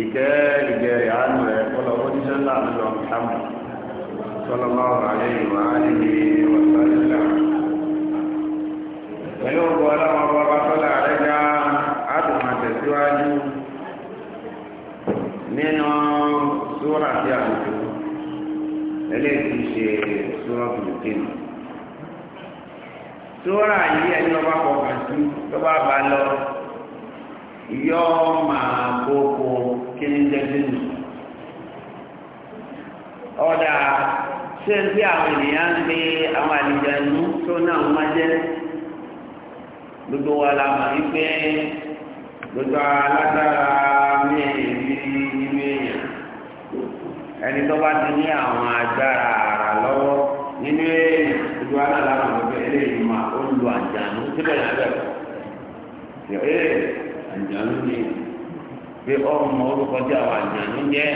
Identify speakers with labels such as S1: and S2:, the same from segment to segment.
S1: ìkẹ́ ìgẹ̀rẹ̀ àánú rẹ̀ kọ́lọ̀ ó díṣẹ́ ńlá lọ sáàmù sọ́lọ́mọ́ àlẹ́ ìwà níbi wọ̀sánilá pẹ̀lú ọgbọ̀ ọlọ́wọ́ bọ́bá tọ́lá rẹ̀ já ádùnmọ̀ tẹ̀síwájú nínú súrà sí àwùjọ eléyìí ṣe súrà tòlùkìn súrà yìí ẹni ọba kọkàn sí tó bá ba lọ yọ máa kókó kíni ń jẹ́ bíbù. ọ̀dà ṣé ń bí àwọn ènìyàn ń gbé àwọn àlejò ẹnu tó náà má jẹ́ gbogbo wa la mọ̀ wípé gbogbo alágbára mẹ́rin nínú èèyàn ẹni tó bá ti ní àwọn agbára àrà lọ́wọ́ nínú èèyàn gbogbo alágbára gbogbo eléyìí mà ó lu àjànú síbẹ̀ náà bẹ̀rẹ̀ ṣe eh, àjànú ni. pé ọmọ orúkọ jẹ́ àwọn àjànú jẹ́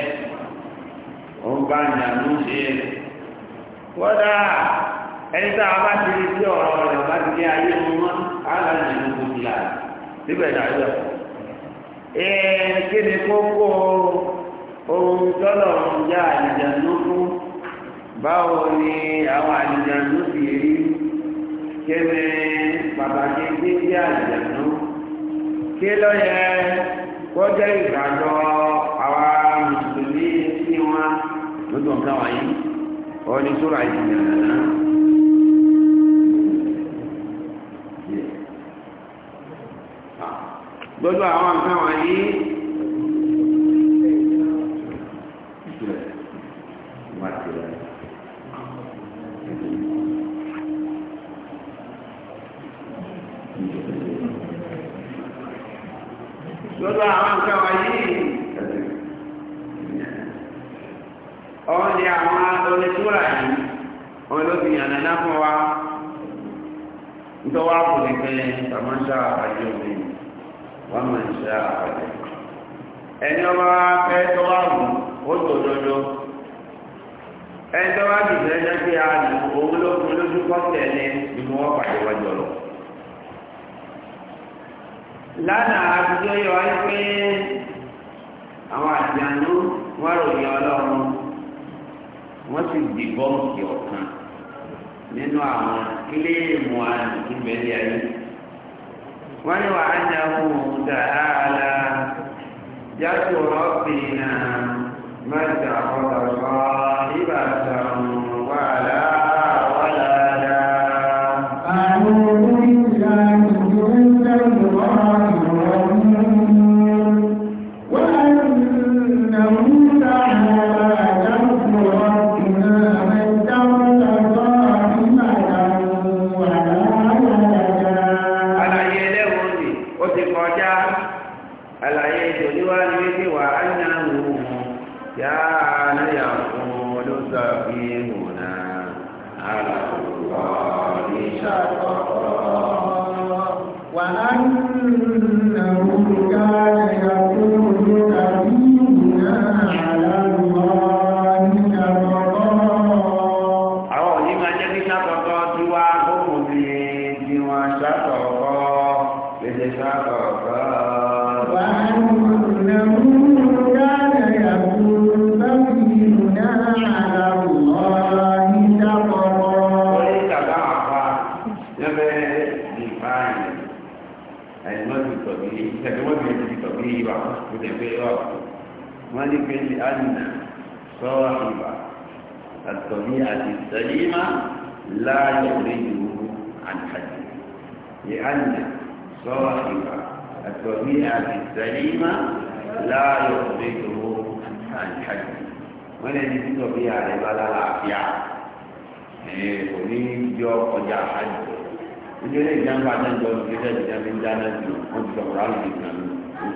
S1: òun bá àjànú ṣe kódà ẹni tá a bá ti rí sí ọ̀rọ̀ rẹ̀ bá ti jẹ́ ayé mọ́ síbẹ̀ kí ni kókó ohun tọ́lọ̀ ń àjànú fún báwo ni àwọn àjànú kọjá ìgbàgbọ́ àwa mùsùlùmí sí wọn lójú ọ̀gá wáyé ọ̀ọ́ni sóra ìdìyàn náà.
S2: gbogbo àwọn nǹkan wọ̀nyí.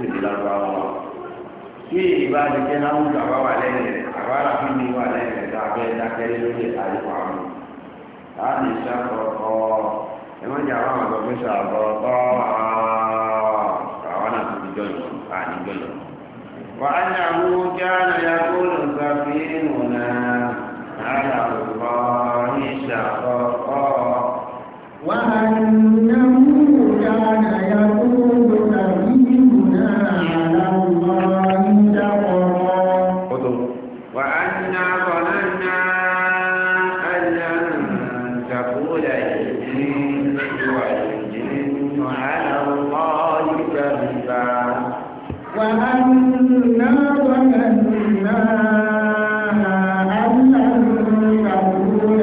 S1: sì ní lágbára wọn. Tí ìgbà ti jẹ́ láwùjọ àbá wà lẹ́yìn rẹ̀, àbá rà fún mi wà lẹ́yìn rẹ̀ tá a fẹ́ dákẹ́ lórí àyíkọ̀ àwọn. Láti ṣàkọ́kọ́ ẹ má jẹ́ àwọn àgbà fún ṣàkọ́kọ́ àwọn àti ìjọ ìjọ àti ìjọ ìjọ. Wà á ní àwọn oúnjẹ àná ya kó lọ sàfí ìmùnà àyà òkò ní ṣàkọ́kọ́.
S3: Wà á ní àwọn oúnjẹ àná ya kó ظننا أن لن نقول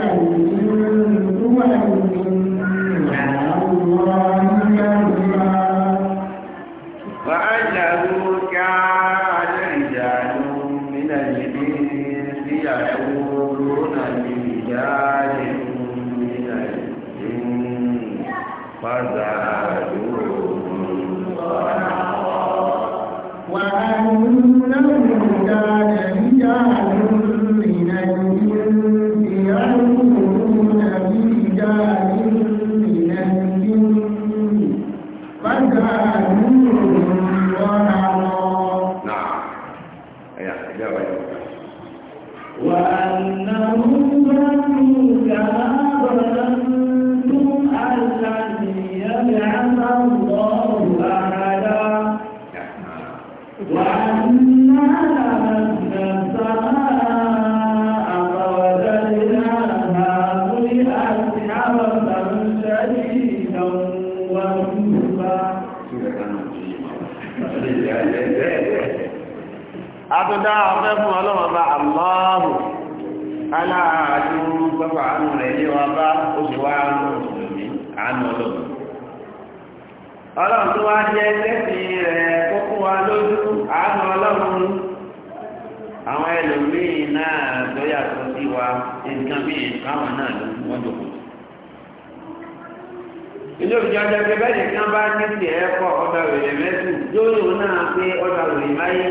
S1: máyé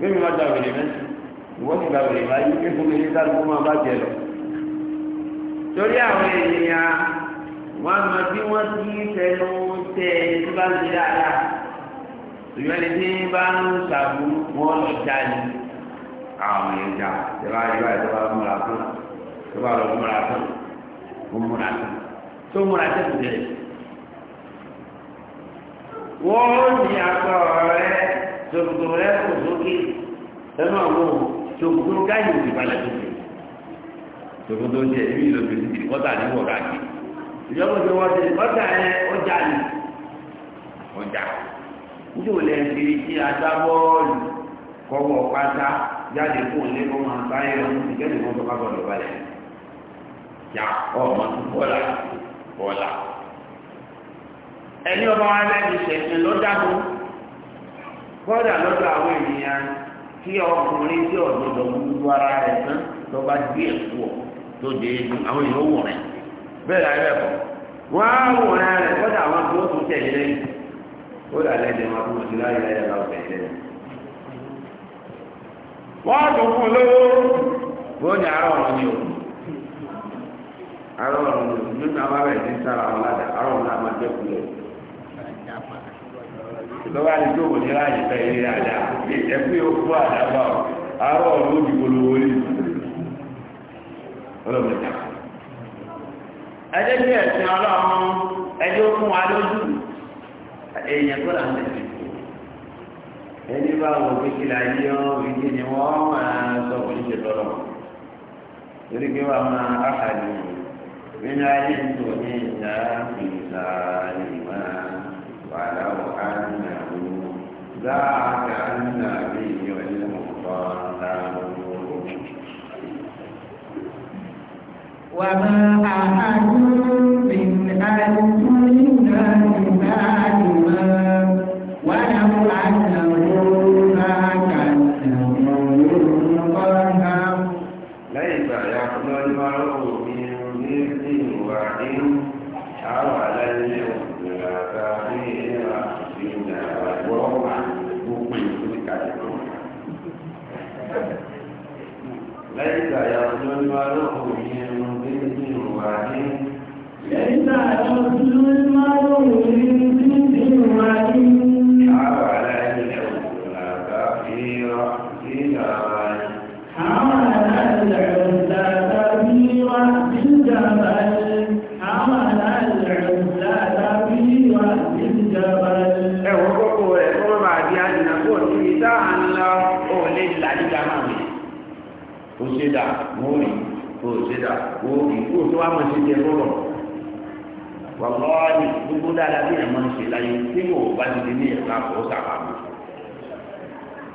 S1: mímu má gba wèrè mẹ́sì ìwọ́n ti gba wèrè máyé kéku mi ní sáré kó máa bá jẹ lọ. torí àwọn ènìyàn wọn mọ bí wọn ti
S3: fẹnu tẹ ẹni tí bá ń ṣe dáadáa
S1: ṣùgbọ́n ẹni tí bá ń ṣàbùrù wọn lọ jáde àwọn èèyàn jà ìjọba ìjọba ìjọba múra fún ìjọba lọ múra fún múra fún tó múra tẹ̀síjẹ́ wọ́n ní akọ rẹ̀. ṣòkòtò rẹ̀ kò sókè sẹ́nu àwọn ṣòkòtò gáyì òdì balẹ̀ tó ṣe ṣòkòtò ṣe èyí ló fi ṣe kọ́tà ní wọ̀ káàkiri ìjọba ṣe wọ́n ṣe kọ́tà ọjà ni ọjà ṣe kọ́wọ́ pátá jáde fún òní kó máa ọmọ ẹni ọba wa kọ́dà lọ́dọ̀ àwọn ènìyàn kí ọkùnrin tí ọ̀dọ́dọ̀ gbogbo ara rẹ̀ tán tó bá gbé ẹ̀kú tó dé egun àwọn èèyàn wọ̀ rẹ̀ bẹ́ẹ̀ láì bẹ́ẹ̀ kọ́ wọ́n á wọ̀ rẹ̀ rẹ̀ kọ́dà àwọn tó tún tẹ̀lé lẹ́yìn máa fún láyé láyé lẹ́yìn. wọ́n tún fún lówó wọ́n ní ará ọ̀rọ̀ ni o ará ọ̀rọ̀ ni o sára
S2: lọ́wọ́ àdìjọ́ òwò ní láàyè fẹ́ ilé àdá ẹ̀kú yóò fún àdábà ọ̀
S1: àárọ̀ ọ̀rọ̀ òbí polówó ní ọlọ́mọdé. ẹjẹ́ bí ẹ̀sìn ọlọ́run ẹjẹ́ ó fún wa lójú èèyàn tó là ń tẹ̀sí. ẹni bá wọ kékeré ayé ọ ìdí ni wọ́n máa sọ fún ìṣe tọ́lọ̀ torí pé wàá máa áhàlì nínú ayé ń tò ní ìta ìta ìmọ̀ wàhálà wọ̀. وما
S3: أحد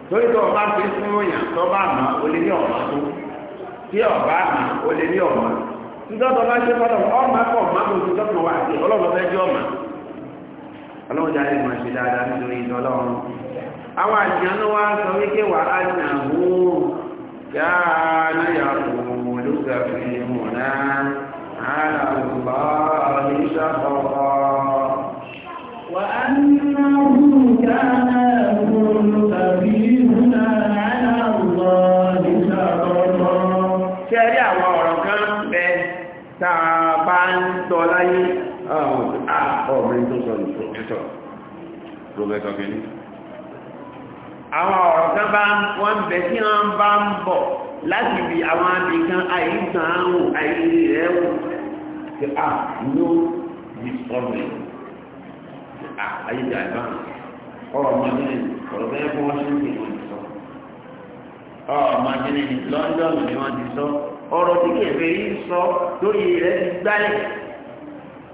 S1: torí tó ọba ti fún òyìn tó bá mọ o lè ní ọmọ tó tí ọba mọ o lè ní ọmọ nítorí ọba ṣe fọlọ ọmọ akọ ọmọ akọ tó tọkàn wá sí ọlọ́run fẹẹ jẹ ọmọ ọlọ́run jáde mọ ṣe dáadáa nítorí ìdán ọlọ́run àwọn àjànú wa sọ wípé wà á nà wó yáa náyà kò lóga fi mọ̀ náà. professor kìíní àwọn ọ̀rọ̀ kan bá wọ́n ń bẹ̀ tí wọ́n bá ń bọ̀ láti ibi àwọn abìkan àìsàn àrùn àìrí rẹ̀ wò ṣe à ló discovery ṣe à ah, ayéjà ìbá ọ̀rọ̀ ọmọdé ọ̀rọ̀ bẹ́ẹ̀ bí wọ́n ṣe ń pè wọ́n ti sọ ọ̀rọ̀ ọmọdé ní London ni wọ́n ti sọ ọ̀rọ̀ tí kìí fẹ́ yìí sọ lórí rẹ̀ ti gbálẹ̀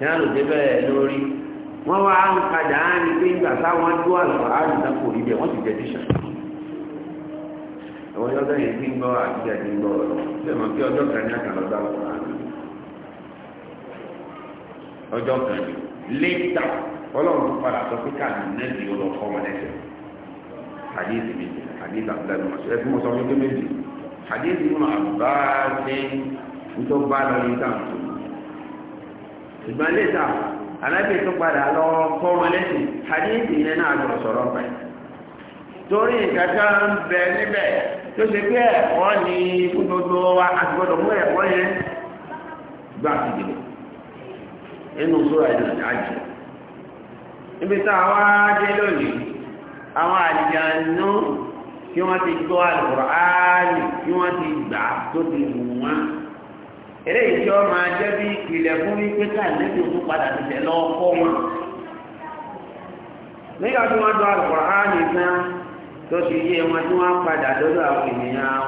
S1: yẹn ló dé bẹ́ẹ̀ lórí wọ́n wá ń padà á ní pé nígbà táwọn dó àlùfà á lùdá kò rí bẹ́ẹ̀ wọ́n ti jẹ̀bi ṣà àwọn ọjọ́ yẹn ti ń gbọ́ àti ẹ̀dín gbọ́ ọ̀rọ̀ ṣé mo kí ọjọ́ kan ní àkàlọ́dá ọ̀rọ̀ àná ọjọ́ kan ní létà ọlọ́run padà sọ pé káàdì nẹ́ẹ̀dì ó lọ fọ́ wọn lẹ́sẹ̀ hadith méjì hadith abdullahi masu ẹ fún mọ sọ wípé méjì hadith mu àbá ń tó bá lọ ní táwọn ṣùgbọ́n létà alábìyẹ tó padà lọ kọ́ wọn lẹ́sìn hadithi yẹn náà lọ sọ̀rọ̀ pẹ̀ torí kankan ń bẹ níbẹ̀ tó ṣe pé ẹ̀kọ́ ni gbogbo wa àti gbọdọ̀ mú ẹ̀kọ́ yẹn gbà fìdí nínú sóra ìlú àjò níbi tá a wá dé wọ́n ti gbọ́ àlùkò áàlì wọ́n ti gbà tó ti wù eléyìí tí wọn máa jẹ bí ìpìlẹ̀ fún wípé káàlẹ́bí òkú padà ti tẹ̀ lọ́wọ́ ha wọn. nígbà tí wọ́n dọ́ àlùkùránì tán tó ti yé wọn tí wọ́n padà lọ́dọ̀ àwọn ènìyàn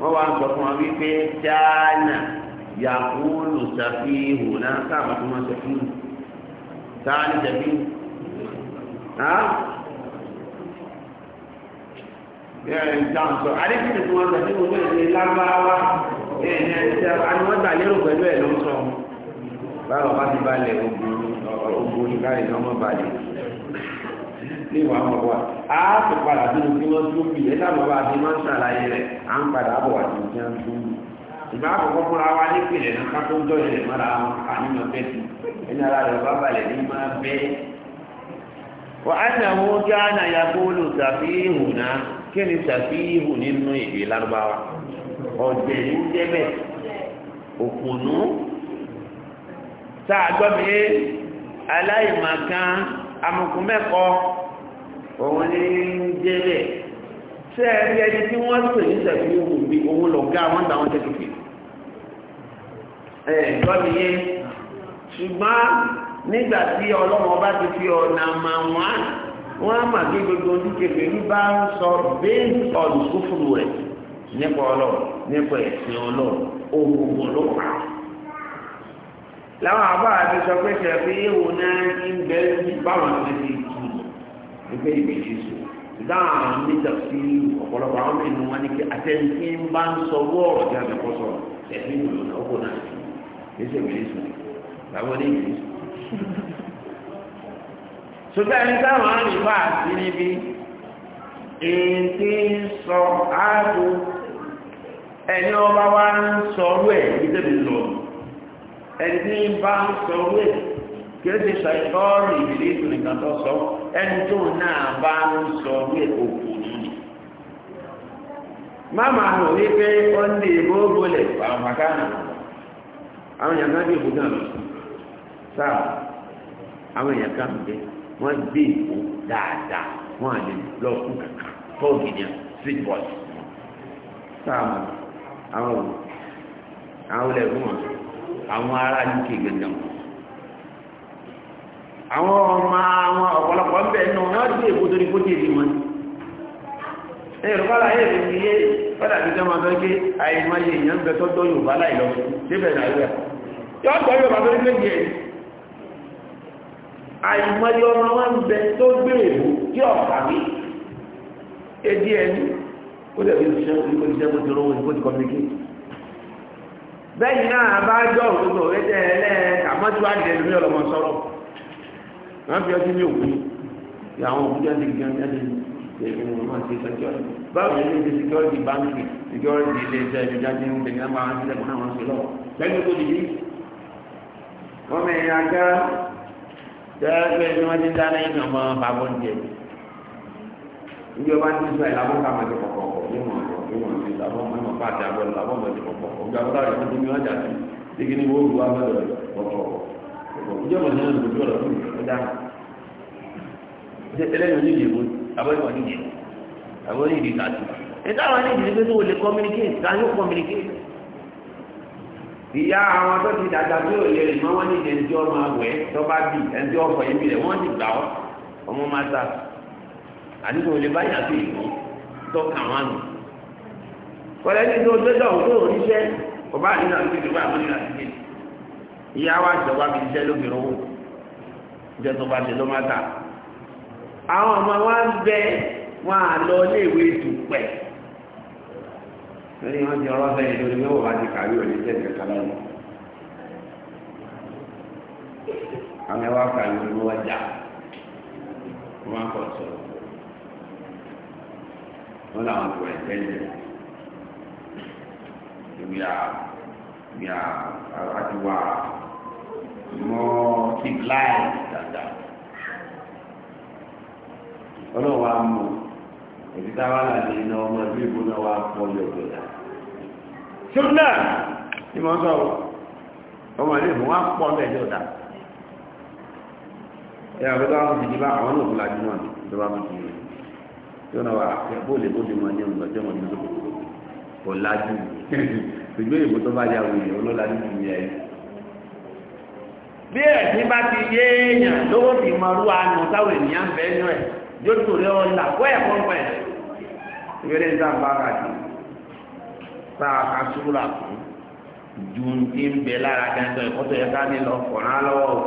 S1: wọn wá ń sọ fún wọn wípé dáánà
S2: àni wọ́n gbà lérò pẹ̀lú ẹ̀ ló ń sọ
S1: báwo bá ti balẹ̀ ogun oníkàrí ni ọmọ balẹ̀
S2: ní ìwà ọmọ wa
S1: a ti padà sínú tí wọ́n tún bì ẹ́sà bàbá àti máa ń ṣàlàyé rẹ̀ à ń padà bọ̀ wá sí ìjà tó ń bì ìgbà àkọ́kọ́ fúnra wa ní ìpìlẹ̀ náà ká tó ń jọyọ̀ rẹ̀ mọ́ra wọn àníyàn bẹ́ẹ̀ sí ẹni ara rẹ̀ bá balẹ̀ ní máa bẹ́ wà á nà wọ́n kí á nà ya kó náà kí ni sàfihùn nínú ìdè lárúbáwá ọ̀jẹ̀ ní jẹ́bẹ̀ òkùnú tá a gbọ́ mi aláìmọ̀kan amọ̀kùnmẹ́kọ òun ní jẹ́bẹ̀ ṣé ẹni ẹni tí wọ́n pè ní sẹ̀fí òun bí òun lọ gá wọ́n táwọn tẹ́ kìkì ẹ̀ gbọ́ mi yé ṣùgbọ́n nígbà tí ọlọ́run ọba ti fi ọ̀nà mà wọ́n wọ́n á mà kí gbogbo ojú kẹfẹ́ rí bá ń sọ based on kúfùrù nípa ọlọ nípa ẹsìn ọlọ òwòwò ló pa láwọn àbá àti sọ pé sẹfí ìwò náà ń bẹ ní báwọn ti ti tù nígbà ìgbà jésù dáhùn àwọn mítà sí ọ̀pọ̀lọpọ̀ àwọn mìíràn wọn ni kí àtẹnudí ń bá ń sọ wọ́ọ̀rọ̀ tí a ti kọ́ sọ̀rọ̀ sẹfí ìwò náà ó kò náà sí jésù ìgbà jésù làwọn ní ìgbà jésù. sọjá ẹni táwọn àrùn ìfà sí níbi èyí tí ń sọ àádùn ẹni ọba wa ń sọ̀rọ̀ ẹ̀ ìdẹ́bi lọ ẹni bá ń sọ̀rọ̀ ẹ̀ kéde ṣàìkọ́ọ̀rì ìdílé ìtò nìkan tó sọ ẹni tó náà bá ń sọ̀rọ̀ ẹ̀ òkú yìí. máma hàn wípé ó ń lè bó bolẹ̀ àwọn bàtà náà àwọn èèyàn kan bí òkú náà lọ sáà àwọn èèyàn kan bẹ wọ́n gbé ìkó dáadáa wọ́n àlè lọ kú kàkà tó gidi síbọ̀tì sáà mọ̀ àwọn wò àwọn ilẹ̀ rúmọ̀ àwọn ará uk gbẹ̀ngàn àwọn ọmọ àwọn ọ̀pọ̀lọpọ̀ ń bẹ̀ nù wọ́n ti èkó torí kó tèèdì wọn ẹ̀rọ bá láyé rẹ̀ fi yé fẹ́lá ti jẹ́mọ́ tó gé àìmọye èèyàn ń bẹ tó tọ́ Yorùbá láì lọ débẹ̀ nàìjíríà yọ́ tọ́ Yorùbá tó ní méjì ẹ̀ àìmọye ọmọ wọn ń bẹ tó gbé èbò tí ọ̀pá mi èdè ẹni kó dẹ̀ bí iṣẹ́ kó iṣẹ́ kó ti rówó kó ti communicate. bẹ́ẹ̀ náà bá jọ òkúta òwe tẹ àmọ́tí wàá dìde lórí ọlọmọ sọ̀rọ̀ wọ́n fi ọtí ní òkú ní àwọn òkú jáde gan jáde lẹ́yìn wọn máa ṣe security báwo ni ilé security báńkì security ilé iṣẹ́ ìjọjáde ń tẹ̀lé máa ń tẹ̀lé náà wọ́n ṣe lọ tó dìde wọ́n mẹ́rin ajá tẹ́lẹ̀ tí wọ́n ti ń dáná ìgbà bàbá oúnjẹ àbọ̀ ọmọ ẹ̀mọ̀ pàtẹ àbọ̀ ẹ̀mọ̀ àbọ̀ ọmọ ẹ̀mọ̀ pọ̀ ọgbà ọlá rẹ̀ fún mi ọjà sí igi ni wọ́n wúwa mẹ́lẹ̀ ọ̀pọ̀ ìjọba náà ló dúró lọ́dún ọjà ẹlẹ́yìn oníyè wo àbọ̀ ẹ̀mọ̀ níyè àbọ̀ oníyè ní ìtàjú ẹ̀dá àwọn ní ìdílé tó lè communicate ta communicate ìyá àwọn tó ti dàgbà tó lè rìn mọ́ wọ́n ní ìdè ẹnjọ́ máa wẹ̀ tó bá bì ẹnjọ́ ọkọ̀ yìí bìrẹ̀ wọ́n ti wọ́n ẹni tó gbẹ́dọ̀ tó oníṣẹ́ ọba nínú àdúgbò bá àwọn nínú ìyá wa jọba mi ṣiṣẹ́ lóbìnrin owó jẹ́ tó bá ṣe ló má ta àwọn ọmọ wa bẹ wọn à lọ ìwé lórí wọn di yìí lórí ti kàwé òní ẹwà kàwé òní jà we are we are as it were more civilized than that. ọlọ́wọ́ á mọ̀ èyí táwa láti iná ọmọ ẹbí ìbò náà wá pọ̀ ní ọ̀dọ̀ dà. ṣúgbà tí mo sọ ọmọ ilé ìbò wá pọ̀ ní ẹjọ́ dà. ẹ àwọn tó wá ti di bá àwọn náà fún lajú kò lájú ṣùgbọ́n ìbò tó bá yà wù yìí olólájú ti yẹ ẹ. bí ẹ̀sìn bá ti yé èèyàn lówó ti mọ̀rú àánú táwọn ènìyàn ń bẹ ẹnu ẹ̀ yóò tó lé ọ̀la kó ẹ̀ fọ́n pẹ̀. ìrẹ̀lẹ̀ ń sábà kàdé tá a ka súra kù ju ti ń bẹ lára gẹ́gẹ́ ìkọ́tọ̀ yẹ ká ní lọ kọ̀ọ̀rán lọ́wọ́ o.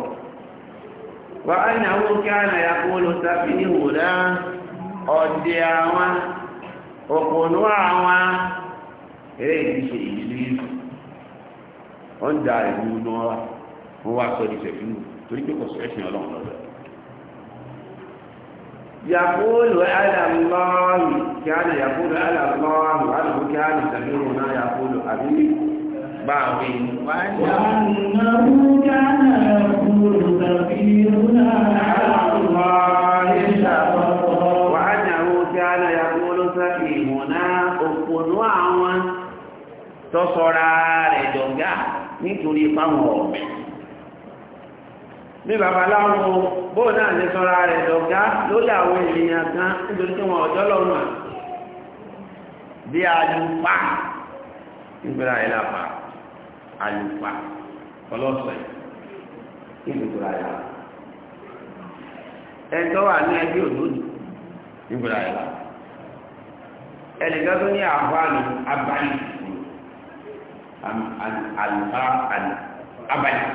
S1: wà á ní àwọn kí á nà ya kó lọ sábì ní wòlá ọ̀dẹ̀ àwọn òkùnú àwọn eré yìí ṣe ìdílé wọn da ìlú náà wọn wá sọ ìṣẹ̀ fún un torí pé kò sọ ẹ̀sìn ọlọ́run lọ́dọ̀ yàkúlù alàlọ́ọ̀lù kí á lè yàkúlù alàlọ́ọ̀lù alùpùpù kí á lè sàbírò náà yàkúlù àbí bá wí wáyé tọ́sọ̀ra rẹ̀ dọ̀gá nítorí fáwọn ọ̀mẹ́ bí babaláwo bóò náà lè sọ́ra rẹ̀ dọ̀gá lórí àwọn ènìyàn kan nítorí tí wọn ọjọ́ lọ́nà bí alùpà nígbèrè àìlápà ọlọ́sẹ̀ wà ní ẹbí abali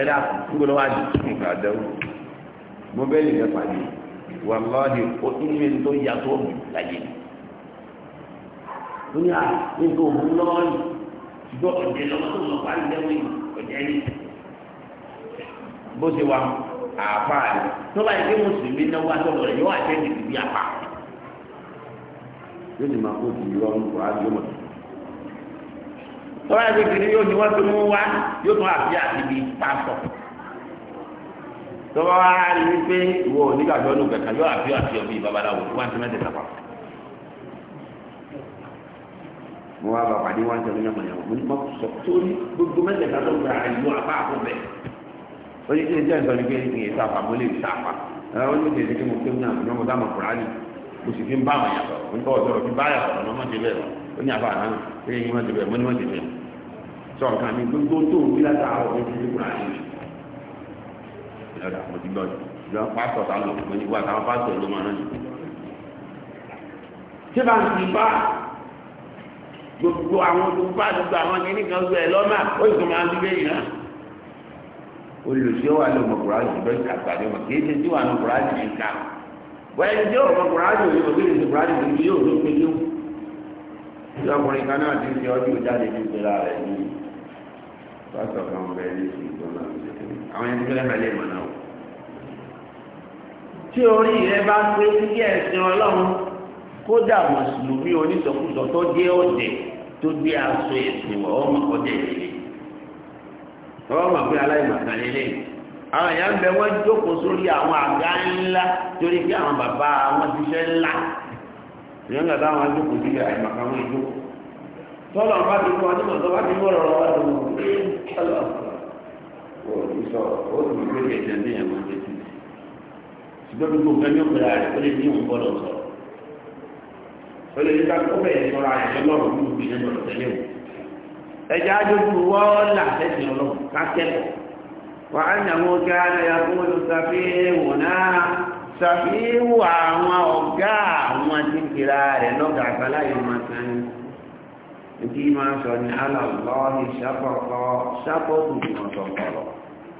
S1: ẹ̀dá gbọ́dọ̀ wá di fún ìgbàdẹ́wò mo bẹ́ẹ̀ lè mẹ́fà ni wàlọ́ọ̀dì ó tún lè tó yàtọ̀ mi láyé ó ní à nígbà òun lọ́wọ́ yìí ṣùgbọ́n ọ̀jẹ̀ lọ́wọ́ tó lọ́ọ́ bá ń lẹ́wọ̀ yìí ọ̀jẹ̀ yìí bó ṣe wà àáfàá rẹ̀ tó bá yẹ kí mùsùlùmí náwó àtọ́lọ́ rẹ̀ yóò àtẹ́ ìdìbò bí yóò ti máa kó ti rọrùn kó á yóò mọ̀ tó tọ́wọ́ ẹgbẹ́ kiri yóò ní wọ́n tó mú wá yóò tún àfi àtibí pàṣọ. tọ́wọ́ á rí i pé ìwọ onígbàgbọ́ nù kẹ̀kẹ́ yóò àfi àti ọ̀bí babaláwo wá ní mẹ́tẹ̀ẹ̀ sábà. mo wá bá pàdé wá ń tẹ̀lé ní ọmọnìyàn mo ní mo sọ torí
S2: gbogbo mẹ́tẹ̀ẹ̀ sábà ń gba àìlú apá àkọ́bẹ̀.
S1: oye tí ìjẹ́ ìsọ̀rọ̀ pé kì í sáfà mo lè sáfà wọ́n ní kèké mo kéwù náà ní ọmọ dáàmú kùránì mo sì fi ń bá àwọn yàtọ̀ nípa ọ̀dọ́ rẹ̀ fi bá yàtọ̀ ọ̀nà ọmọdé bẹ́ẹ̀ wọ́n ní àbá àná ẹ̀yìn ọmọdé bẹ́ẹ̀ mo ní ọmọdé bẹ́ẹ̀ sọ̀kan ní gbogbo tó ń bí látàárọ̀ ní ti kúrò àyè lọ́dà mo ti gbọ́ ìjọ pásítọ̀ tá lò mo ní wà táwọn pásítọ̀ ló máa rán yìí. tí bá ń ti bá gbogbo àwọn tó bá gbogbo àwọn kìíní kan gbé ẹ lọ́mà ó sì máa ń gbé yìí náà. olùsí ó wà ní ọmọkùnrin àjò bẹ́ẹ̀ àgbàdo ọmọ kìí ṣe tí wà ní ọmọkùnrin àjò yìí ká. wọ́n ẹni tí ó ọmọkùnrin àjò yìí òbí ìṣèkùnrin àjò yìí yóò ló pe yóò. ìjọkùnrin kan náà ti ń ṣe ọdún ìjáde ní ìgbéra rẹ̀ ní pásítọ̀ kan bẹ ní ìgbọ́n náà àwọn ẹni tó lẹ́nu alẹ́ ìmọ̀ náà. tí orí rẹ bá pé sí ẹ̀sìn ọlọ́run kódà mùsùlùmí oníṣọkúsọ tó jẹ́ ọ̀dẹ̀ tó gbé aṣọ ẹ̀sìn wọ̀ ọmọ ọdẹ ìrẹ̀lẹ̀ ọwọ́ mọ̀ pé aláìmọ̀kan lélẹ̀ àwọn èèyàn bẹ wọ́n jókòó sórí àwọn àga ńlá torí pé àwọn bàbá wọn ti ṣe ńlá èèyàn gbà bá wọn jókòó sí àìmọ̀kan wọn jókòó tọ́lọ̀ bá ti kọ́ ọdún mọ̀ tó bá ti mọ̀ lọ́wọ́ lọ́wọ́ ọlọ́ ò ní sọ ó ní ìwé kẹ̀kẹ́ ní ẹ̀mọ létí ṣùgbọ́n gbogbo nǹkan ní òkúra rẹ̀ ó lè ní òun gbọ́dọ̀ sọ ó lè nípa kó bẹ̀rẹ̀ sọra rẹ̀ lọ́rùn ní òbí náà lọ́dọ̀ tẹ́lẹ̀ o ẹ̀jẹ̀ adókòwò wọ́ọ́lá lẹ́sìn ọlọ́run kákẹ́kọ̀ọ́ wà á nyàmú kí á lè yàgò ṣàfihàn náà ṣàfihàn àwọn ọ̀gá àwọn tí ń rẹ̀ lọ́gàá àgbáláyé ọmọ sáyẹn ìdí máa sọ ní aláàlọ́ ní sábọ̀tọ̀ sábọ̀tù ní ọ̀tọ̀ọ̀tọ̀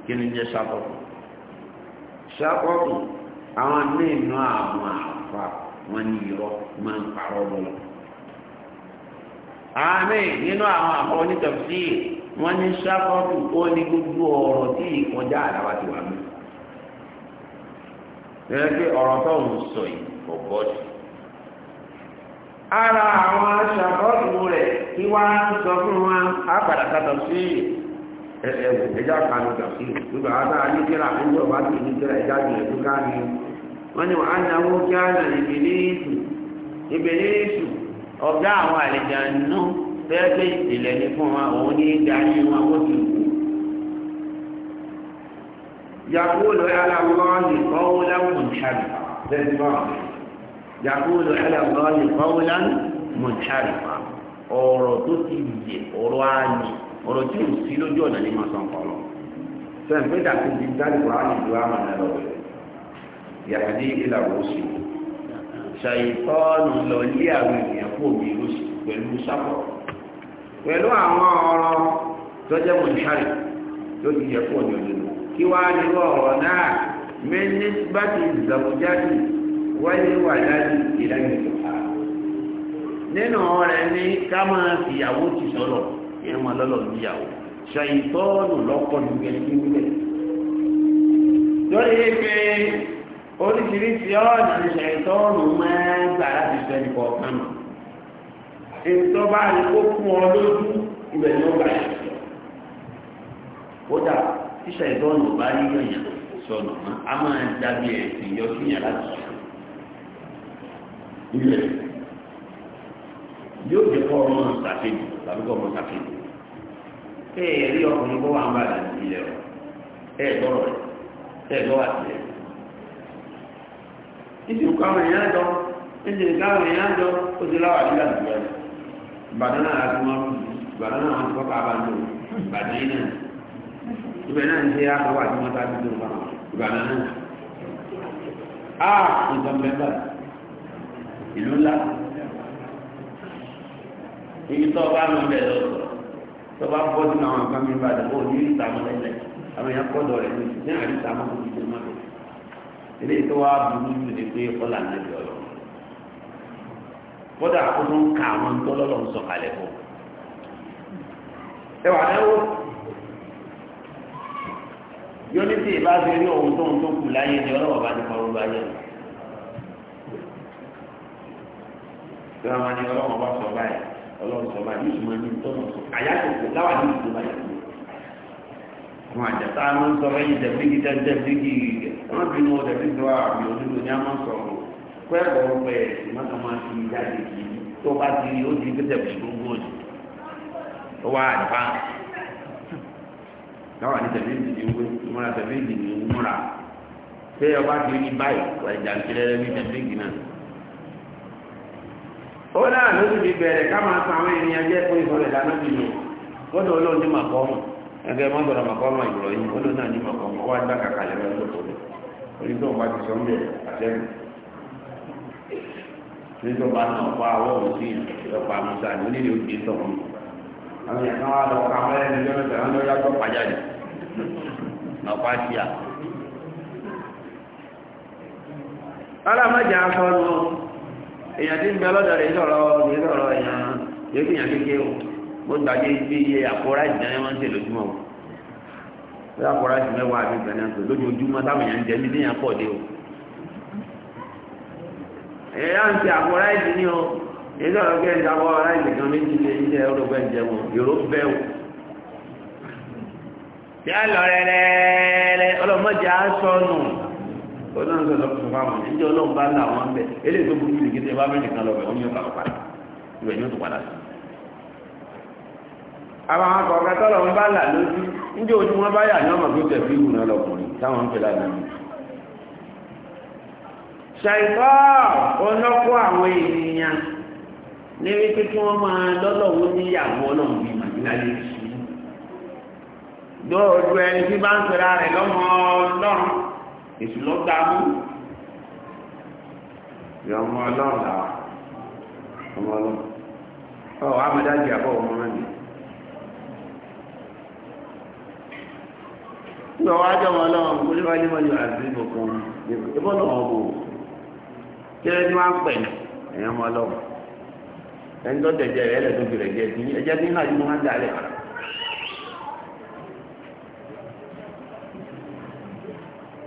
S1: kí ni jẹ́ sábọ̀tù sábọ̀tù àwọn nínú àwọn àfà wọn ní irọ́ máa ń parọ́ bọ́lọ̀ àmì nínú àwọn àfà onítọ̀sí wọn ní sábọ̀tù ó ní gbogbo ọ̀rọ̀ tí ìkọjá àdáwà ti wà mí. ẹgbẹ́ ọ̀rọ̀ tó ń sọ yìí kò bọ́ọ̀dù ara àwọn aṣàkọ́kù rẹ̀ tí wá ń sọ fún wọn sí ẹ̀ẹ̀wò ẹjá sí gbogbo àwọn ẹjá ẹ̀tú wọ́n ni wọ́n á náwó kí á nà ìbìlísù ọ̀gá àwọn àlejò nù fẹ́ẹ́fẹ́ yàgòlò ẹlẹ́gbọ́n ní fọ́wọ́lán mọ̀tàrífà ọ̀rọ̀ tó ti yẹ ọ̀rọ̀ ààyè ọ̀rọ̀ tí ò sí lójú ọ̀nà ní mọ̀sán kọlọ̀ sẹ́yìn pé dàtí ti dárí wà á lè ju àmà náà lọ́wọ́ yàtí ìlàwọ̀ oṣù ṣàyẹ̀tọ́nù lọ lé àwọn ènìyàn fún omi lóṣù pẹ̀lú sápọ̀ pẹ̀lú àwọn ọ̀rọ̀ tó jẹ́ mọ̀tàrí tó ti yẹ fún ọ̀nà òdodo kí wàá nílò ọ̀rọ̀ náà mẹ́nísbàtì wáyé wà láti ìlànà ìjọba nínú ọ̀rẹ́ ní ká máa fi ìyàwó ti sọ̀rọ̀ yẹn máa lọ́lọ́ níyàwó ṣàìtọ́ọ̀nù lọ́kọ̀ ní gẹ̀ẹ́gẹ́ níbẹ̀ lórí pé oríṣiríṣi ọ̀nà ní ṣàìtọ́ọ̀nù máa ń gbà láti fẹ́ nípa ọ̀kan mọ̀ ètò bá rí kó fún ọ lójú ibẹ̀ ni ó gbà kódà tíṣà ìtọ́nù bá rí yọ̀yàn sọ̀nù mọ́ a máa ń ẹ̀sìn yọ síyàn láti sọ̀rọ̀ nílẹ̀ yóò jẹ́ kọ́ ọmọ ṣàkéjì tàbí kọ́ ọmọ ṣàkéjì ẹ ẹ rí ọkùnrin kó wà ń bàdà nílẹ̀ o ẹ ẹ gbọ́rọ̀ rẹ ẹ gbọ́ àtìlẹ̀ títí nǹkan àwọn èèyàn jọ títí nǹkan àwọn èèyàn jọ ó ti láwà nígbà tó yẹ ìbàdàn náà láti wọn ìbàdàn náà wọn ti kọ́kọ́ abájọ ìbàdàn yìí náà ibẹ̀ náà ń ṣe àkọ́wà tí wọ́n tábí tó ń bá ìbàdàn náà. a ah, nǹkan bẹ́ẹ̀ báyìí ìlú ńlá ibi tó o bá lọ bẹ lọ tó o bá bọ́ sínú àwọn nǹkan mi bá dẹ̀ kó o ní ìta mọ́ lẹ́lẹ̀ àwọn èèyàn kọ́ dọ̀rẹ́ ní ìsìn náà ìta mọ́ kó o ti mọ́ lọ. ilé tó wá burú jù ni pé ọ̀là náà jọ lọ. kódà kó tó ń ka àwọn tó lọ́lọ́ ń fún. ẹ wà lẹ́wọ́ yóní tí ì bá fi rí ohun tó ń tó kù láyé ni ọlọ́wọ́ bá ti kọ́ ọ́ tí ni máa ní ọlọ́run bá sọ báyìí ọlọ́run sọ báyìí yóò máa ní tọ́nà sọ àyájọpọ̀ láwà ní ìlú báyìí àwọn àjàtà máa ń sọ lẹ́yìn dẹ̀bíkì dẹ̀bíkì wọ́n bí wọn dẹ̀bíkì wà àbí onílò ní a máa ń sọ ọ̀rọ̀ kẹ́kọ̀ọ́ pẹ̀ ìmọ̀tà máa ti jáde kì í tó bá ti ó di pé tẹ̀bí gbogbo òjò ó wá àdìpá láwà ní tẹ̀bí ìdìní wé ìmọ̀ra tẹ̀bí ìdìní múra pé ọba ti rí báyìí ọ̀jà ìṣẹ̀lẹ̀ rí tẹ̀bí ìdìní náà ó náà ló ti bẹ̀rẹ̀ ká máa san àwọn ènìyàn jẹ́ fún ìsọ̀rọ̀ ìdáná bì mí wọ́n tó lóun ní màkọ́mù ẹgbẹ́ mọ́tòrò màkọ́mù ìbùrọ̀ yìí wọ́n tó náà ní màkọ́mù ó wá gbá kàkà lẹ́rọ lóko lẹ̀ orí tó ń bá ti sọ ń bẹ̀ àtẹ́rù orí tó bá náà pa àwọ̀ òun sí ọ̀pá àmúta ní onílé òjì sọ fún mi àwọn yẹn kan wá lọ èèyàn tí ń bẹ lọ́dọ̀ rẹ̀ sọ̀rọ̀ sọ̀rọ̀ èèyàn yóò fi yàn kéke o mo gbàgbé bí iye àkórá ìdáná wọn ń tè lójúmọ́ o bí àkórá ìdáná mẹ́wàá àti ìgbà náà pè lójoojúmọ́ táwọn èèyàn ń jẹ níbi èèyàn pọ̀ dé o. èèyàn ń ti àkórá ìdí ní o èyí sọ̀rọ̀ pé ń dáwọ́ ara ìdí kan méjì lé iṣẹ́ olóògbé ń jẹ wọn yòró bẹ́ o. bí rẹ̀ rẹ̀ ọlọ́mọdé á sọnù. ọlọ́run sọ̀rọ̀ fún fáwọn n'afọ ìjọ ọlọ́run bá là wọn bẹ̀ eléyìí tó burú jùlọ kíkẹ́ bá mẹ́rin kan lọ́bẹ̀ wọ́n yóò yóò padà sí. àwọn bá lójú ojú wọn bá yà ní ọmọ tó tẹ̀ lọkùnrin táwọn ń ṣàìtọ́ àwọn ènìyàn ní wípé kí wọ́n máa lọ́lọ́wọ́ níyàwó ọlọ́run èsì lọ gbà mú ìyá ọmọ ọlọ́run làwọn ọmọ ọlọ́run ọ amọ̀dájì àbọ̀ ọmọ mẹ́rin ní ọwọ́ ajọ́ ọmọ ọlọ́run kó ní bá ní mọ́jú àti ìbùkún ìbọn náà wọ́n bò ó kílẹ̀ ní wọ́n á pẹ̀ ọmọ ọlọ́run ẹni tó tẹ̀jẹ̀ rẹ̀ ẹlẹ́dọ̀gbẹ̀rẹ̀ jẹ́ ẹ̀jẹ̀ ní ìlànà ìmọ̀ á dà lẹ́kọ̀ọ́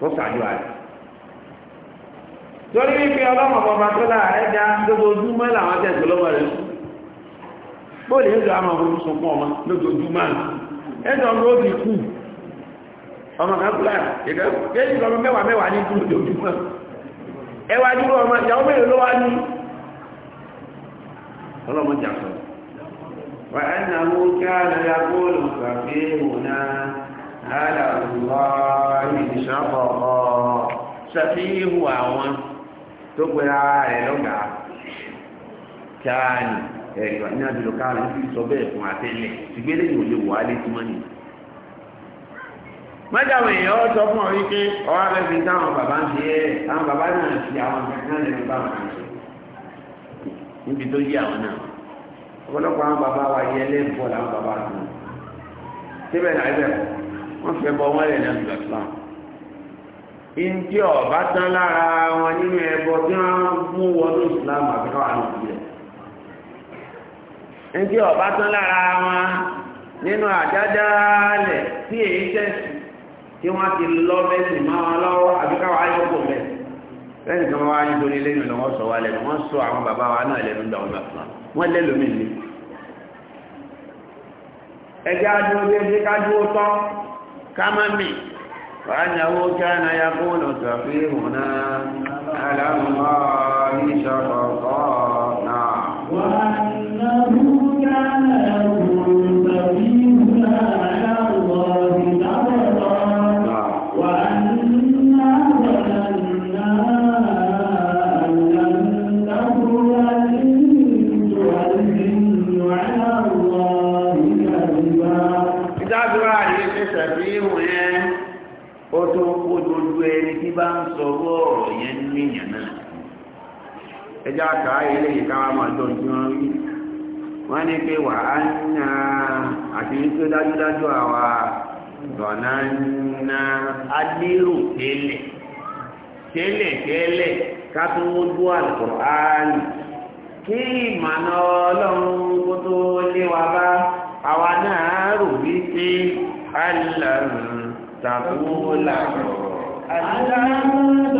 S1: kó a rẹ̀ torí wípé ọlọ́mọ bọba tó láàárẹ̀ dá lójoojúmọ́ làwọn tẹ̀sí lọ́wọ́ rẹ̀ bóòlù ẹ̀dọ̀ àmọ̀ ọmọ sọpọ̀ ọmọ lójoojúmọ́ ẹ̀dọ̀ ọmọ ó ti kú ọmọ kankula kéjì ọmọ mẹ́wàá mẹ́wàá ní kúrò lójoojúmọ́ ẹwà dúró ọmọ ní ọlọ́mọ jà sọ wà على الله شططا سفيه àwọn tó pe ara rẹ̀ lọ́gàá káàní ní àdúrà káàní fi sọ bẹ́ẹ̀ fún àtẹ́lẹ̀ ìgbélé yìí ò lè wà lé tí wọ́n fún ọ níbi tó yí àwọn náà àwọn bàbá wa yẹ làwọn bàbá náà wọ́n fẹ́ bọ wọ́n lẹ̀ lẹ́nu ìgbàsílám ìdí ọ̀bá tán lára wọn nínú ẹbọ tí wọ́n mú wọnú ìsìlám àbíkọ́ àwọn òbí rẹ̀ ìdí ọ̀bá tán lára wọn nínú àdádálẹ̀ tí èyí tẹ̀sí tí wọ́n ti lọ mẹ́sìn máa wọn lọ́wọ́ àbíkáwà ayọ́kùn mẹ́ lẹ́yìn kan wá nítorí lẹ́yìn lọ wọ́n sọ wá lẹ́nu wọ́n sọ àwọn bàbá wa náà lẹ́nu gbà wọn gbàtàn wọ́n lẹ́lò mí ní ẹjẹ́ kámánì fáyàwó kánà ya kó lọ sàfihàn náà alámọ́ ìṣọ̀kọ̀kọ́ ọwọ́ ọ̀rọ̀ yẹn níyàn náà ẹjá kàá ilé yìí káwá máa jọ tí wọ́n rí wọ́n ní pé wà á ná àti wípé dájúdájú àwa lọ́nà ná adérò tẹ́lẹ̀ tẹ́lẹ̀ tẹ́lẹ̀ ká tó dú àlùkùránì kí ìmọ̀nà ọlọ́run kó tó lé wa bá àwa náà rò wípé alàrùn tàbí ó
S2: làrùn
S3: sẹ́wọ̀n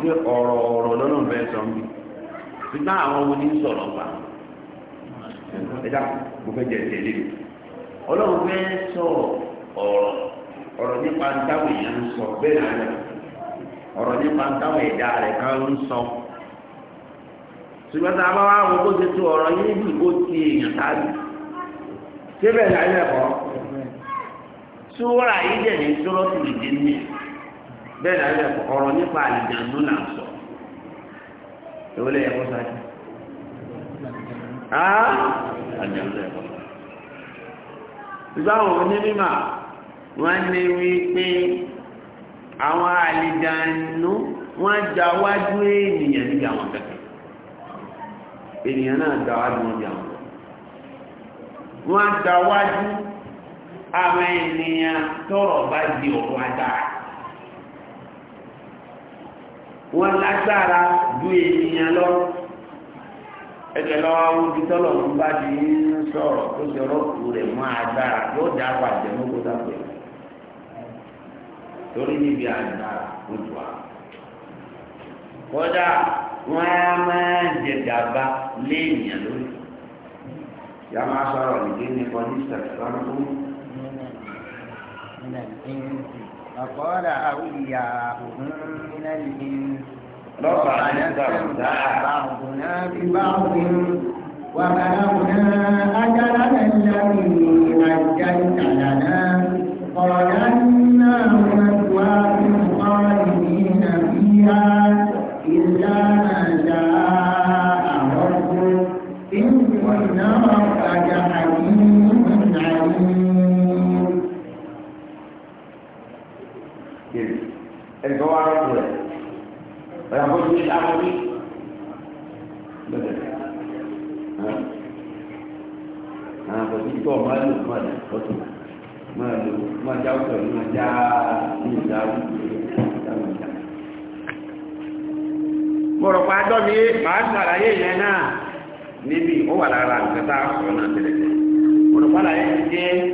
S1: pé ọ̀rọ̀ ọ̀rọ̀ lọ́nà bẹ́ẹ̀ sọ mí ṣùgbọ́n àwọn wo ní sọ̀rọ̀ pa ẹ̀dá mo fẹ́ jẹ tẹ̀lé ọlọ́run fẹ́ sọ ọ̀rọ̀ ọ̀rọ̀ nípa táwọn èèyàn ń sọ bẹ́ẹ̀ náà ọ̀rọ̀ nípa táwọn ẹ̀dá rẹ̀ kan ń sọ ṣùgbọ́n tá a bá wá wo bó ṣe tó ọ̀rọ̀ yìí bí ó ti èèyàn sáré síbẹ̀ ní ayé ẹ̀kọ́ súwúrà yìí dẹ̀ ní sọ́rọ́ tó lè dé ní bẹ́ẹ̀ ní ayé ẹ̀kọ́ ọ̀rọ̀ nípa àlìjànú là ń sọ èwo lè yẹ kó sáré á àlìjànú lè kọ́ ṣùgbọ́n àwọn onímọ̀ wọ́n ní wípé àwọn àlìjànú wọ́n já wájú ènìyàn níbi àwọn kẹ̀kẹ́. ènìyàn náà dáwájú wọn jàun wọ́n dáwájú àwọn ènìyàn tọrọ bá di ọ̀rọ̀ agbára wọ́n lágbára ju ènìyàn lọ ẹgbẹ́ lọ́wọ́ ojú tọ́lọ̀ ń bá di ń sọ̀rọ̀ tó ṣe rọ́pù rẹ̀ mọ́ agbára yóò dá pàdé mọ́kó dápẹ́ torí níbi wọ́n á máa jẹ gàba léèyàn lórí. ìyá máa sọ̀rọ̀ nìké ní pọ́lísà sọ́nà fún mi.
S3: ọ̀pọ̀lọpọ̀ àwọn ìyá òun nílẹ̀ yìí. lọ́pàá àti sọ̀rọ̀ dáa. وبلغنا أجلنا الذي أجلت لنا قال النار مثواكم خالدين فيها إلا
S1: tó ọmọ lò má lò tọ́tù má lò má já ọkọ̀ yìí má já ní ìdá àwùjọ. mo rọ̀ pa adọ́ mi màá ṣàlàyé yẹn náà níbi ó wà lára nǹkan tá a sọ̀rọ̀ náà tẹ́lẹ̀tẹ́lẹ̀ mo rọ̀ pa àlàyé ti jẹ́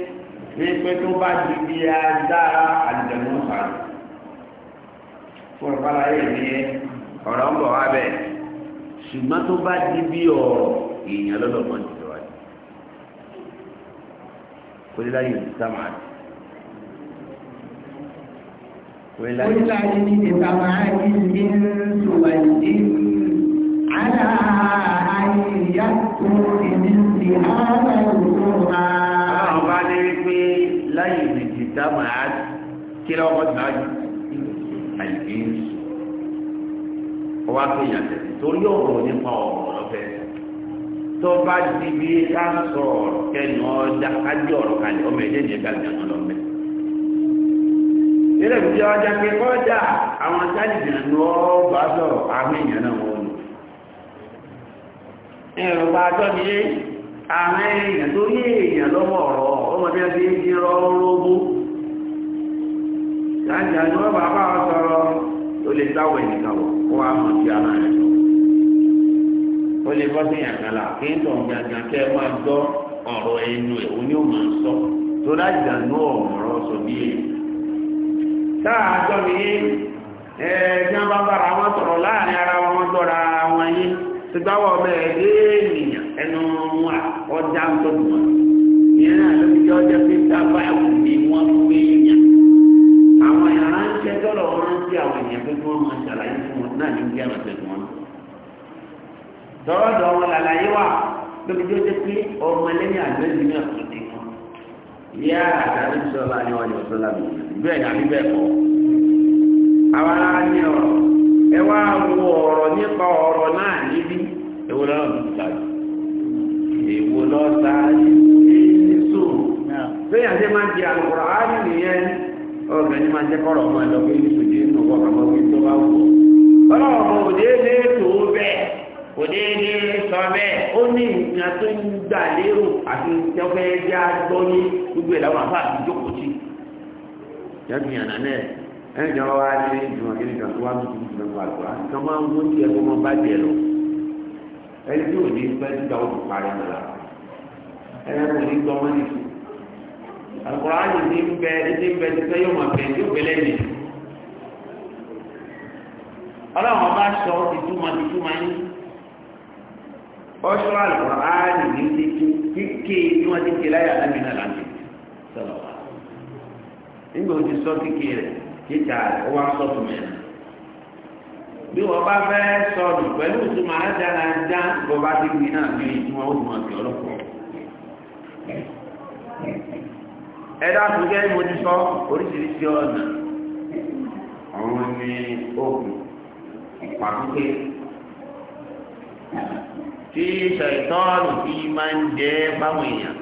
S1: ní pé tó bá di bí a dára àdìdẹ̀mọ́ sàrò mo rọ̀ pa àlàyé mi yẹ ọ̀rọ̀ ń bọ̀ wá bẹ́ẹ̀ ṣùgbọ́n tó bá di bí ọ̀rọ̀ èèyàn lọ́dọ̀ mọ́ni oríláyé ìsámà
S3: oríláyé ní ìsámà ìlú ìsúwàlì aláàyíyá tó ìdílé aláàrùn-ún àwọn bá ní wípé láyé
S1: ìsámà kí lọ́wọ́ sáájú àìkíyèsí ọwá tó yàtẹ̀ torí ọ̀rọ̀ nípa ọ̀rọ̀ tó bá di bí ká sọ̀rọ̀ kẹnu ọjà kájí ọ̀rọ̀ kalẹ̀ ọmọ ẹ̀jẹ̀ ní ẹ̀ka ìjànà lọ mẹ́. ọjà kọjá àwọn ọba sọ̀rọ̀ àwọn èèyàn náà wọ́n lò. ni àwọn èèyàn tó èèyàn ọmọdé ó lè kó ó lè bọ́ sí yàgàlà kí n tàn gàgà kẹ́ ẹ máa gbọ́ ọ̀rọ̀ ẹnu ẹ̀ ó ní ò máa sọ tó lájà ní ọ̀rọ̀ sọ bí ẹ̀. táà jọ mi yé ẹ jẹ́ bá bára wọn sọ̀rọ̀ láàrin ara wọn tọ́ra wọn yé sígbàwọ̀ bẹ́ẹ̀ dé ènìyàn ẹnu wọn ọjà ń tó dùn wọn. ìyẹn náà ló fi jẹ́ ọjọ́ pé tábà ẹ̀wù ni wọ́n gbé yàn. àwọn ìránṣẹ́ tọ́lọ̀ wọn rántí àwọn èèyàn pé kí wọ́n máa ṣàlàyé fún wọn náà ní dọ́rọ́dọ̀ wọn làlàyé wà lóbi tí ó ti pín ọmọ lẹ́yìn àgbẹ̀bí náà tó dé kan yá àdáni sọlá ni wọn yọ sọlá mi bẹ́ẹ̀ ni àbí bẹ́ẹ̀ kọ́ àwa náà ní ọ̀rọ̀ ẹ wá wo ọ̀rọ̀ nípa ọ̀rọ̀ náà níbí èwo lọ́rọ̀ mi ṣáájú èwo lọ́ ṣáájú ní sòrò bẹ́ẹ̀ àti máa di àlùkòrò áyù nìyẹn ọ̀gá ni máa jẹ́ kọ́rọ̀ ọmọ ẹ̀ lọ òdèdè sọ bẹ́ẹ̀ ó ní ìgbìyàn tó ń gbà lérò àti ìjọfẹ́ jẹ́ àjọ ní gbogbo ẹ̀ láwọn àfáà ti jókòó sí jẹ́gbìyàn náà ẹ̀yìn ìjọba wa ní ìjùmọ̀ kí nìkan tó wá ní ìjùmọ̀ ìjùmọ̀ ìjùmọ̀ àgbà nǹkan máa ń wó ní ẹ̀kọ́ máa bá jẹ lọ ẹni tí ò ní fẹ́ dídá oṣù parí nìlá ẹni kò ní gbọ́ mọ́ nìkú àkùrọ̀ àyè ní ń bẹ ní ń bẹ ti fẹ́ yóò máa bẹ ọṣọ àlùkùránì ní títí kíkè tí wọ́n ti ké láyà lẹ́mìí láti sọ̀rọ̀ wa nígbà ó ti sọ kíkè rẹ̀ kíkà ó wá sọ fún mi bí wọ́n bá fẹ́ sọnù pẹ̀lú ìtumọ̀ àdára dá ti gbin náà bí wọ́n ó mọ̀ ọlọ́pọ̀ ẹ dákun gẹ́gẹ́ mo ti sọ oríṣiríṣi ọ̀nà ọ̀run ní oògùn tí ṣàìtọ́ọ̀nù fi máa ń jẹ́ báwọn èèyàn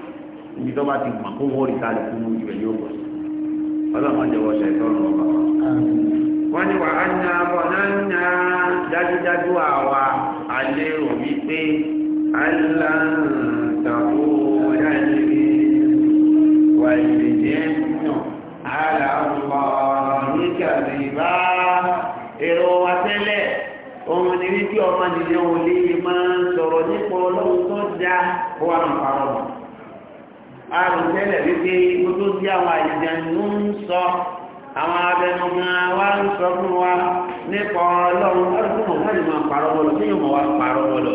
S1: níbi tó bá ti mọ̀ kó wọ́n rí káàdì fún ojú yóò bọ̀ ọlọ́run jẹ́wọ́ ṣàìtọ́ọ̀nù ọba wọ́n ní wà á nya bọ̀ náà ń nya dájúdájú àwa àlérò wípé aláǹtàkó dájúdé wà ìrìnjẹ́ náà aláǹtàkó ní kàdé báà. kí ọmọ nìyẹn ò lè máa sọ̀rọ̀ nípa ọlọ́run tó dá kó wà lọ́nà parọ́ mọ́ àrùn tẹ́lẹ̀ wípé ó tó sí àwọn àìjẹ̀nù ń sọ àwọn abẹnugan wa ń sọ fún wa nípa ọlọ́run ọdún mọ̀ wọ́n lè máa parọ́ wọlọ tí yóò mọ̀ wá parọ́ wọlọ.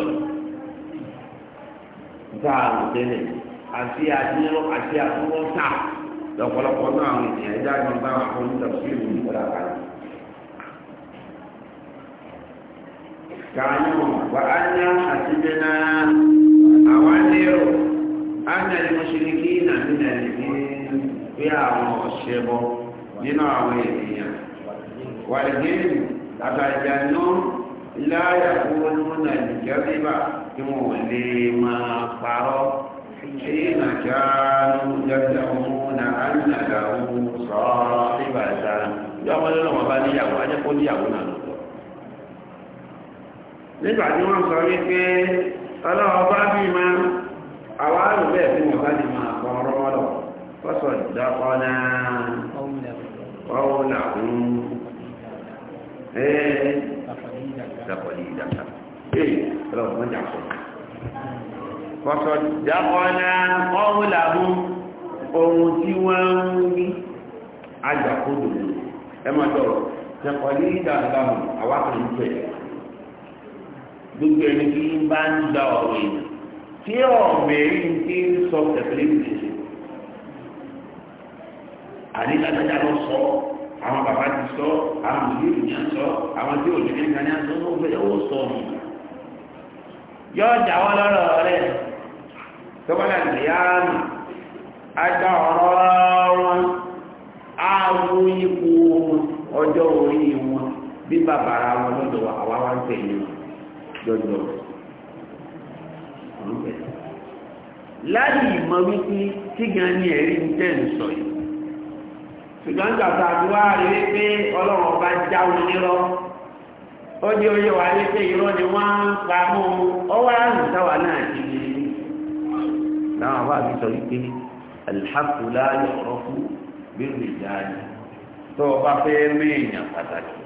S1: nígbà àrùn tẹ́lẹ̀ àti àdínrọ́ àti àtúwọ́ta lọ́pọ̀lọpọ̀ náà àwọn ènìyàn ẹ̀dá gbọ̀ngàn àwọn oníṣẹ́ òṣèlú nípa àkàrà. kanu wa anya àtijọ́nà àwọn lérò anya ni mo ṣe ní kí nà nínú ẹ̀lẹ́gbẹ́ pé àwọn ọ̀ṣẹ́ bọ́ nínú àwọn ènìyàn wàlẹ́gbẹ́rù àtàjà náà láyà fún múnà ìjọba tí wọ́n lè máa parọ́ ṣe nàjà jọjọ nígbà tí wọ́n sọ wípé ọlọ́wọ́ bá bí ma àwọn àrùbẹ̀ tí wọ́n bá ní ma kọ́ rọ́rọ̀ fọ́sọ̀ ìdákọ́ náà wọ́n làkún ẹ́ẹ̀ dàkọ̀lì ìdàkà ẹ́ẹ̀ ọlọ́wọ́ wọ́n fọ́sọ̀ ìdákọ́ náà wọ́n làkún ohun tí wọ́n ń rí àjàkódò ẹ máa dọ̀rọ̀ dàkọ̀lì ìdàkà àwọn àkàrà gbogbo ẹni tí ń bá ń gba ọ̀rọ̀ yìí tí ọ̀mẹ́rin ti ń sọ tẹ̀lé ìdíje àdìgbàdájà lọ sọ àwọn bàbá ti sọ àwọn ìlú ìyá sọ àwọn tí òjò ní ìgbà ní àtọ́ ló fẹ́ owó sọ mi. yọ ọjà wọn lọ́rọ̀ rẹ̀ tọ́gbọ́n àti ìyá àmì àjọ ọ̀rọ̀ wọn àwọn ipò ọjọ́ orí wọn bí bàbá ara wọn lọ́dọ̀ àwa wá ń tẹ̀lé wọn jọjọ láyé ìmọ̀ wípé kí gan ni ẹ̀rí ń tẹ̀ ń sọ yìí ṣùgbọ́n gbàgbà àdúrà rí wípé ọlọ́run ọba já wọn nírọ́ ó ní oyè wà wípé irọ́ ni wọ́n ń pa mọ́ ọwọ́ àrùn náà ti di láwọn àbá mi sọ wípé alhakula yọ̀rọ̀ fún bí rìjáde tó bá fẹ́ mẹ́ẹ̀yàn pàtàkì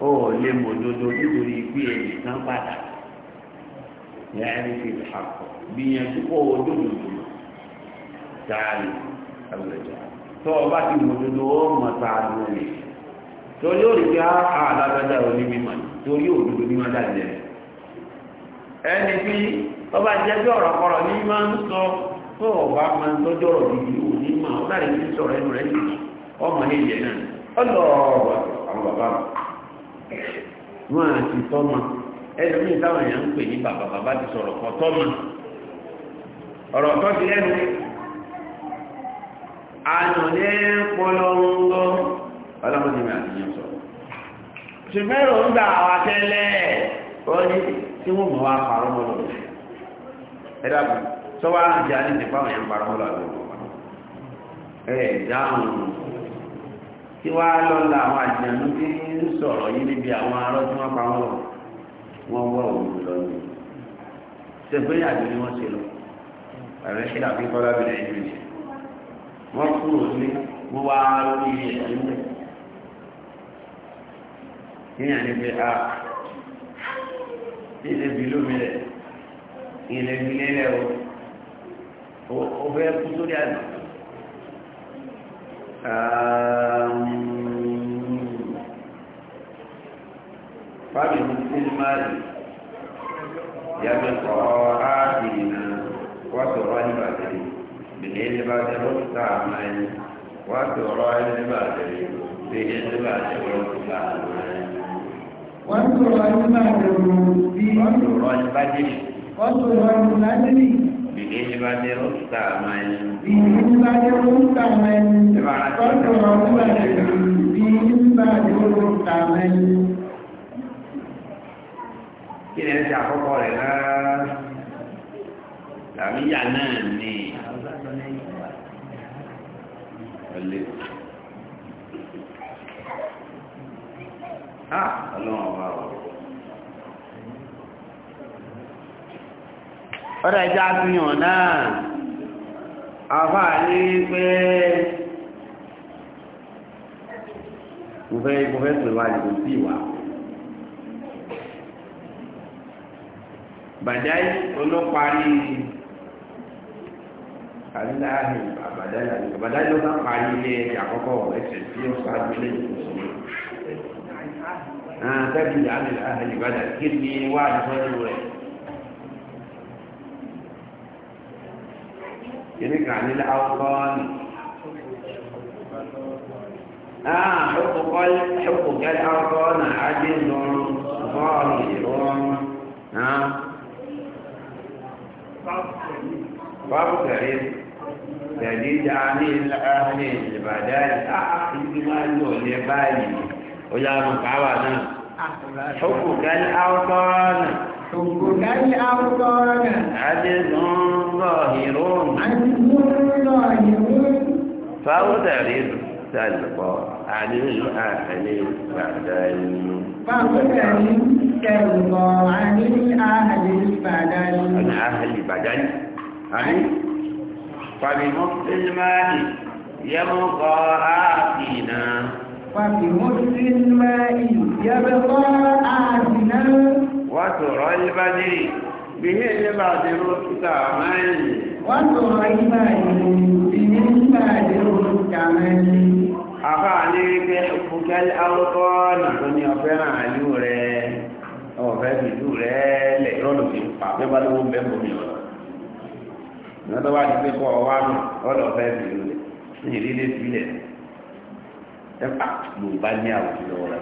S1: ó lè mọ̀ dodo nítorí pé ẹnìkan padà yàrá fi àpò gbìyànjú kó o dodo dùn jáde àgbẹ̀jà tó o bá ti mọ̀ dodo mọ̀ tá a torí ó lè fi àlágbájá òní mímọ̀ torí ẹni ọba jẹ́ bí ọ̀rọ̀ kọ̀rọ̀ ní máa ń sọ tó ọba máa ń tọ́jú ọ̀rọ̀ máa sọ̀rọ̀ ẹnu rẹ̀ nìyí ọmọ ilẹ̀ náà àwọn bàbá wọn àti tọ́mà ẹlòmíì táwọn èèyàn ń pè ní bàbá bàbá ti sọ̀rọ̀ kọ́ tọ́mà ọ̀rọ̀ tó ti lẹ́nu ànàlẹ́ pọlọ́ńgọ́ ọlọ́mọdé mi àtìyàn sọ̀rọ̀ ṣùgbọ́n ẹ̀rọ ń gbà wá tẹ́lẹ̀ wọ́n ní tí wọ́n mọ̀ wá parọ́ mọ́ lọ́wọ́ ẹ dàbọ̀ sọ́wọ́ àjẹ́ àti ìdìbò àwọn èèyàn parọ́ mọ́ lọ́wọ́ ẹ̀ dáhùn tí wàá lọ la àwọn àjànú tí ń sọ̀rọ̀ yìí níbi àwọn arọ́ tí wọ́n pa wọ́n lọ wọ́n wọ́ òun lọ ní sẹ́gbẹ́yìn àjò ni wọ́n ṣe lọ àrẹ ṣe dàbí kọ́lá bìrẹ̀ ìlú ìṣẹ́ wọ́n kúrò ní wọ́n wá lórí ẹ̀yìn rẹ̀ yíyan ní pé a ilé bi lómi rẹ̀ ilé bi lélẹ̀ o o fẹ́ kú sórí àná. fábí ní sílímáàlì yàgbé kọ̀ọ̀ áàbìrì náà wọ́n sọ̀rọ̀ níbàdìrí bìlẹ̀ níbàdìrí ó ti tà àmà ẹni wọ́n sọ̀rọ̀ níbàdìrí bìlẹ̀ níbàdìrí ó ti tà àmà ẹni.
S3: wọ́n sọ̀rọ̀ níbàdìrí bí wọ́n sọ̀rọ̀
S1: níbàdìrí wọ́n sọ̀rọ̀ níbàdìrí bìlẹ̀ níbàdìrí ó ti tà àmà ẹni.
S3: bìlẹ̀ níbàdìrí ó ti tà àmà ẹni. wọ́n sọ̀rọ̀ níbàdìrí bí níbàdìrí ó ti tà àmà ẹni
S1: kí ni ẹni tí àkọ́kọ́ rẹ̀ náà làmíyà náà ni ọlẹ́ ẹja fihàn náà àfáà ní pé mo fẹ́ mo fẹ́ pè wá ìgbòsí ìwà. bàdáyì olóparí aláàhì àbàdáyì àlùkò bàdáyì ló bá parí ilé ẹ̀yà àkọ́kọ́ ẹ̀sẹ̀ tí ó sáájú ilé
S2: ìwòsàn náà ah, tẹ́bí àmì àhàlì bàdà kí ni wà lọ́rọ̀ rẹ̀ kìnnì kan ní láwùkọ́ ni náà
S1: ṣùkùkọ́ ṣùkùkẹ́ láwùkọ́ náà á dé lọ́rùn bọ́ọ̀lù ìrọ̀rùn náà. Ah babu gare dari da ni ahli ibadai a ibi ma lo le bayi o ya mo ka wa na hukku kal awtan hukku
S3: kal awtan ajizun zahirun ajizun zahirun
S1: فهو تعريض سلبا عن الأهل بعدين فهو
S3: تعريض ترضى عن الأهل البدل الأهل
S1: البدل أي الماء يبقى آتنا فبمص
S3: الماء يبقى آتنا
S1: وترى البدر به البدر كامل وترى البدر به البدر كامل أفعلي بحبك الأوطان دنيا فنعلو ريح ọ̀fẹ́ ìlú rẹ̀ lẹ̀ lọ́nà fi ń pa bí wọ́n bá lówó ń bẹ́ ń bomi ọ̀nà ìwọ́n tó bá ti pé kọ́ ọwá nù ọ̀dọ̀ ọ̀fẹ́ ìlú rẹ̀ ní ìdílé sílẹ̀ ẹ pa Yorùbá ní àwùjọ lọ́wọ́ rẹ̀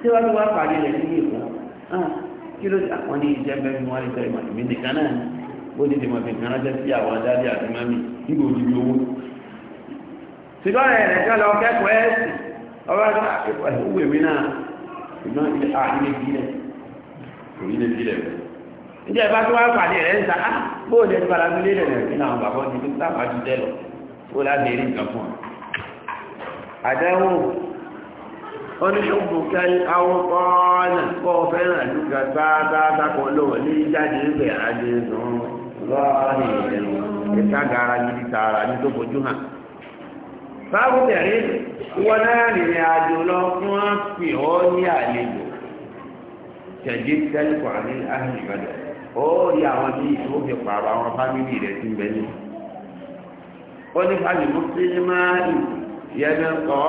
S1: tí wọ́n ti wá pàdé rẹ̀ nílé ìfọ́ ah, kí ló àwọn ah, ní iṣẹ́ bẹ́ẹ̀ ni wọ́n lè tẹ́lẹ̀ màmí nìkan náà ni ó ní tèmọ̀ fi ránṣẹ́ sí àwọn adáde àti mami nígbò ṣùgbọ́n ẹ̀rẹ̀ lọ kẹ́kọ̀ọ́ ẹ̀sìn ọba ìwé ah, mi náà ìmọ̀ ilé àìlè bílẹ̀ kò nílé bílẹ̀ mọ́ ǹjẹ́ ìbá tó wá pàdé rẹ̀ ń ta ah, á bóò lẹ́nu bára ní lélẹ̀ rẹ̀ nínú àwọn bàbá ọdún tó tábà ju tẹ́ lọ ó láti rí nǹkan fún ọ. àdáwò oníṣòwò kẹ́lí àwọn kọ́ọ̀nà kọ́ fẹ́ràn lùgà gbáàgbáàgbà kan lọ́wọ́ ní jáde ńbẹ̀ adé sọ̀rọ̀ lọ́ọ̀rì ìtàgàrà yìí tààrà ní tó fojú hàn báwo tẹ̀rí wọ́n náà rìnrìn àjò lọ fún wọn fi ọ́ ní àlejò tẹ̀jẹ́ tẹ́lifọ̀ àní àhìn ìbàdàn ó rí àwọn tí ó fi pààrọ̀ àwọn fámìlì rẹ̀ ti ń bẹ ní. ó ní fámìlì mùsùlùmáì yẹnu kọ́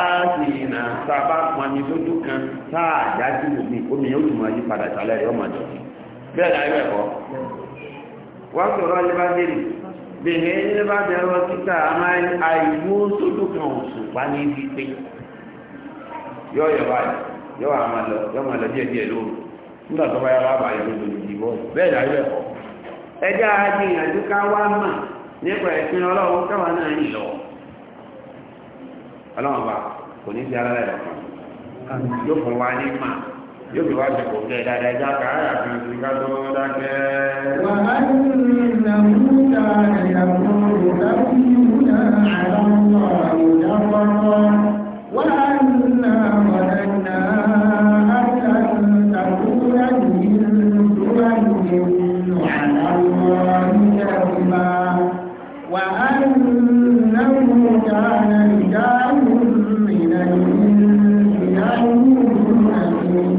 S1: áàsìnà sábà pọnmi lójú kan táà jáde omi omi yóò tún máa yí padà sálẹ̀ yọmọdọ̀ bẹ́ẹ̀ ni ayọ̀ ẹ̀kọ́ wọ́n sọ̀rọ̀ alẹ́ bá dé bèèrè ní bá bẹ̀rọ títà àìmú sódò kan oṣù pa ní ibi pé yọ yọ báyìí yọ àmà lọ yọ àmà lọ díẹ̀ díẹ̀ lóru nígbà tó bá lóru ìdìbò bẹ́ẹ̀ ká wá mà nípa ẹ̀sìn ọlọ́run náà ń lọ ọlọ́run bá kò ní sí yóò fún wa ní mà yóò fi wá ṣe kò kẹ́ dáadáa já ká àyà fi fi ká tó dákẹ́. wà á ní
S3: ìlànà ìta ìyàwó ìlànà àlọ́ ìdáwọ́kọ́ wà á nà wàdà nà áta ìtàkùrà nìyí tóra nìyí àlọ́ ìjàmbá wà á nà wàdà nà ìdáwọ́.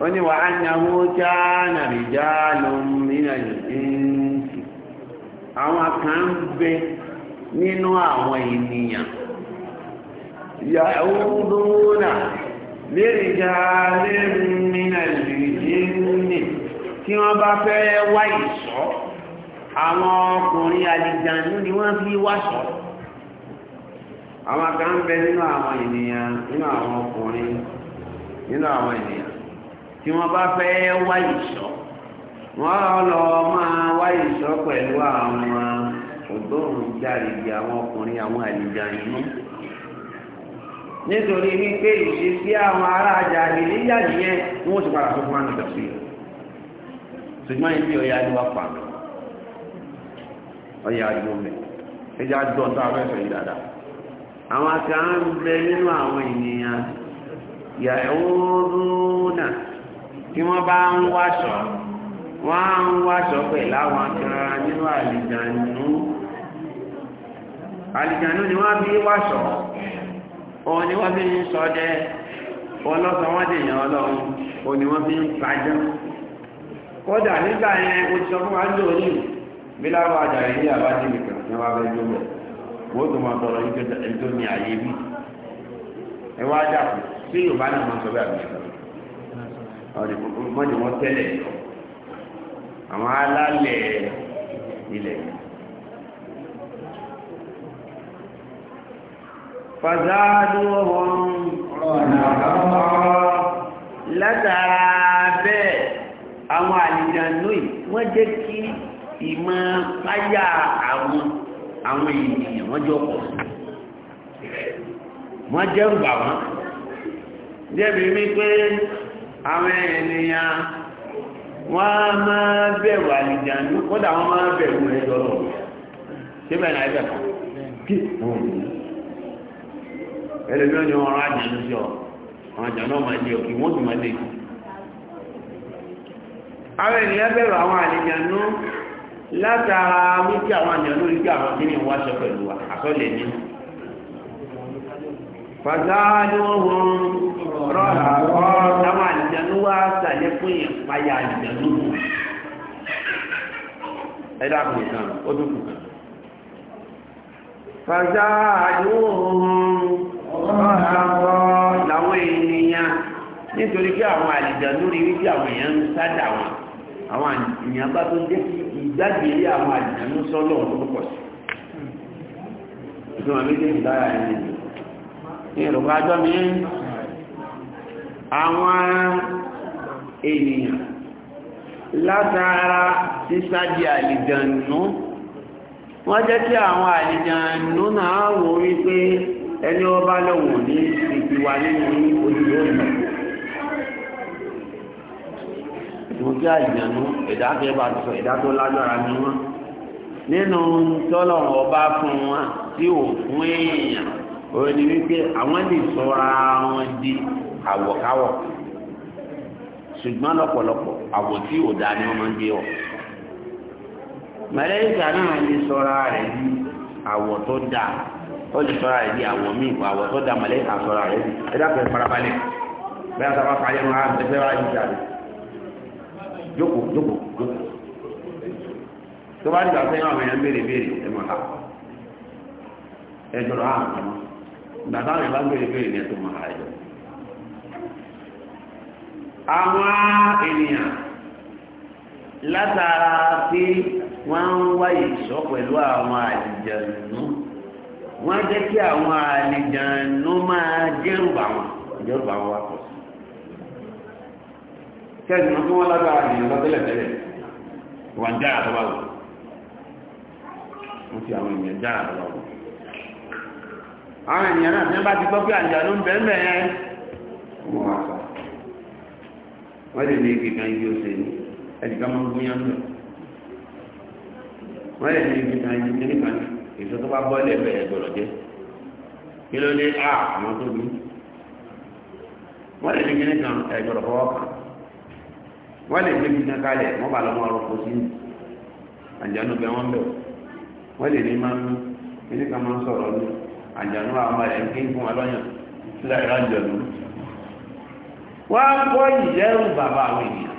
S1: onye ní wàá nyàwó já nàìjíríà ló ń mìíràn àwọn kan nínú àwọn ya yàwó dúnà lérìjà lérìmìíràn ìdíǹsì tí wọ́n bá fẹ́ wá ìṣọ́ àwọn ọkùnrin àlìjànú ni wọ́n fi wáṣọ́ kan tí wọ́n bá fẹ́ wá ìṣọ́ wọ́n lọ máa wá ìṣọ́ pẹ̀lú àwọn ògbóhùnjáde àwọn ọkùnrin àwọn àlejò àyìnbó nítorí wípé ìṣesí àwọn ará ajá ìléyà nìyẹn wọ́n ti padà fún fún àgbà sí i ṣùgbọ́n ibi ọ̀yà ni wọ́n pa mí ọ̀yà àjò mẹ́ ẹjẹ́ àjọ tó afẹ́fẹ́ yìí dáadáa àwọn kan ń bẹ nínú àwọn ènìyàn yàrá òórùn náà tí wọ́n bá ń wáṣọ wọ́n á ń wáṣọ pẹ̀lú àwọn kan nínú àlìjànú àlìjànú ni wọ́n bí wáṣọ òun ni wọ́n fi ń ṣọdẹ ọlọ́sọ wọ́n dèèyàn ọlọ́run òun ni wọ́n fi ń pàjọ́ kódà nígbà yẹn o ti sọ fún wa ń lò ní bí láwọn àjàrí ní àbájú nìkan ní wọ́n fẹ́ lóbẹ̀ wọ́n tó máa tọrọ yìí tó bí ẹ wá dàpọ̀ sí Yorùbá náà máa sọ bẹ́ẹ̀ àbí mọ́ni wọ́n tẹ́lẹ̀ àwọn alálẹ̀ ilẹ̀ fàzádó wọn rọ̀nà látara bẹ́ẹ̀ àwọn àlìjànú yìí wọ́n jẹ́ kí ìmọ̀ páyà àwọn àwọn ènìyàn wọ́n jọ pọ̀ wọ́n jẹ́ ń bà wọ́n jẹ́bi wípé àwọn ènìyàn wọ́n maa máa bẹ̀rù àlìjànú kódà wọ́n máa bẹ̀rù rẹ̀ lọ́rọ̀ síbẹ̀ náà ẹgbẹ̀ kan
S2: kí wọ́n ní ẹlẹ́gbẹ́ ni wọ́n ọ
S1: àwọn àjànú ọmọ ilé òkè wọ́n sì máa lè kú àwọn ènìyàn bẹ̀rù àwọn àlìjànú látara wípé àwọn àjànú rí pé àwọn kí ni pẹ̀lú fàzádùnhùn rọ́là kọ́ táwọn àjẹnú wá sàlékún ìpayà àjẹnú ẹ̀dá kù kan ó tún kù kan fàzádùnhùn rọ́là kọ́ làwọn ènìyàn nítorí pé àwọn rí wípé àwọn èèyàn ń sádà wọn àwọn bá tó ìrùkọ ajọ́ mi àwọn ènìyàn látara sísájì àlìjànú wọ́n jẹ́ kí àwọn àlìjànú náà wò wípé ẹni ọba lọ́wọ́ ní ìpìwà nínú ojúlé òyìnbó
S2: mo jẹ́ àjànú
S1: ẹ̀dá kẹ́ bá sọ ẹ̀dá tó lágbára ni wọ́n nínú tọ́lọ̀ ọba fún wọn tí ò fún èèyàn òun ni wípé àwọn lè sọra wọn di àwọ̀káwọ̀ ṣùgbọ́n lọ́pọ̀lọpọ̀ àwọ̀ tí ò dáa ni wọ́n máa ń gbé wọ̀ náà lè sọra rẹ̀ di àwọ̀ tó dáa ó lè sọra rẹ̀ di àwọ̀ míì tó sọra rẹ̀ di gbàtà àwọn ìbá gbé ní ẹ̀tọ́ màá rẹ̀ àwọn ènìyàn látara pé wọ́n ń wá ìṣọ́ pẹ̀lú àwọn àlìjànú wọ́n jẹ́ kí àwọn àlìjànú máa dẹ́rù wọn dẹ́rù wọn wá pọ̀ sí kẹ́sì mọ́ kí wọ́n lágbára ènìyàn lọ tẹ́lẹ̀ tẹ́lẹ̀ àwọn ènìyàn náà ní bá ti gbọ́ pé àjà ló ń bẹ́ẹ̀ mẹ́ ẹ́ wọ́n wá sọ wọ́n lè ní igi kan ibi ọ̀sẹ̀ ní ẹnìkan máa ń gúnyán lọ wọ́n lè ní igi kan ibi kíníkan èso tó bá bọ́ ilẹ̀ bẹ̀rẹ̀ gbọ́dọ̀ jẹ́ kí ló dé a àwọn tó ní wọ́n lè ní kíníkan ẹ̀gbọ́dọ̀ fọwọ́ kan wọ́n lè ní kíníkan kalẹ̀ wọ́n bá lọ́mọ ọrọ̀ kó sí àjà ló bẹ wọ́n bẹ̀ wọ́n lè ní àjànú àwọn ẹ̀ ń kí ń fún alọ́yàn sílẹ̀ ìrànjọ̀nù wọ́n á kọ́ ìjẹ́rù bàbá àwọn ènìyàn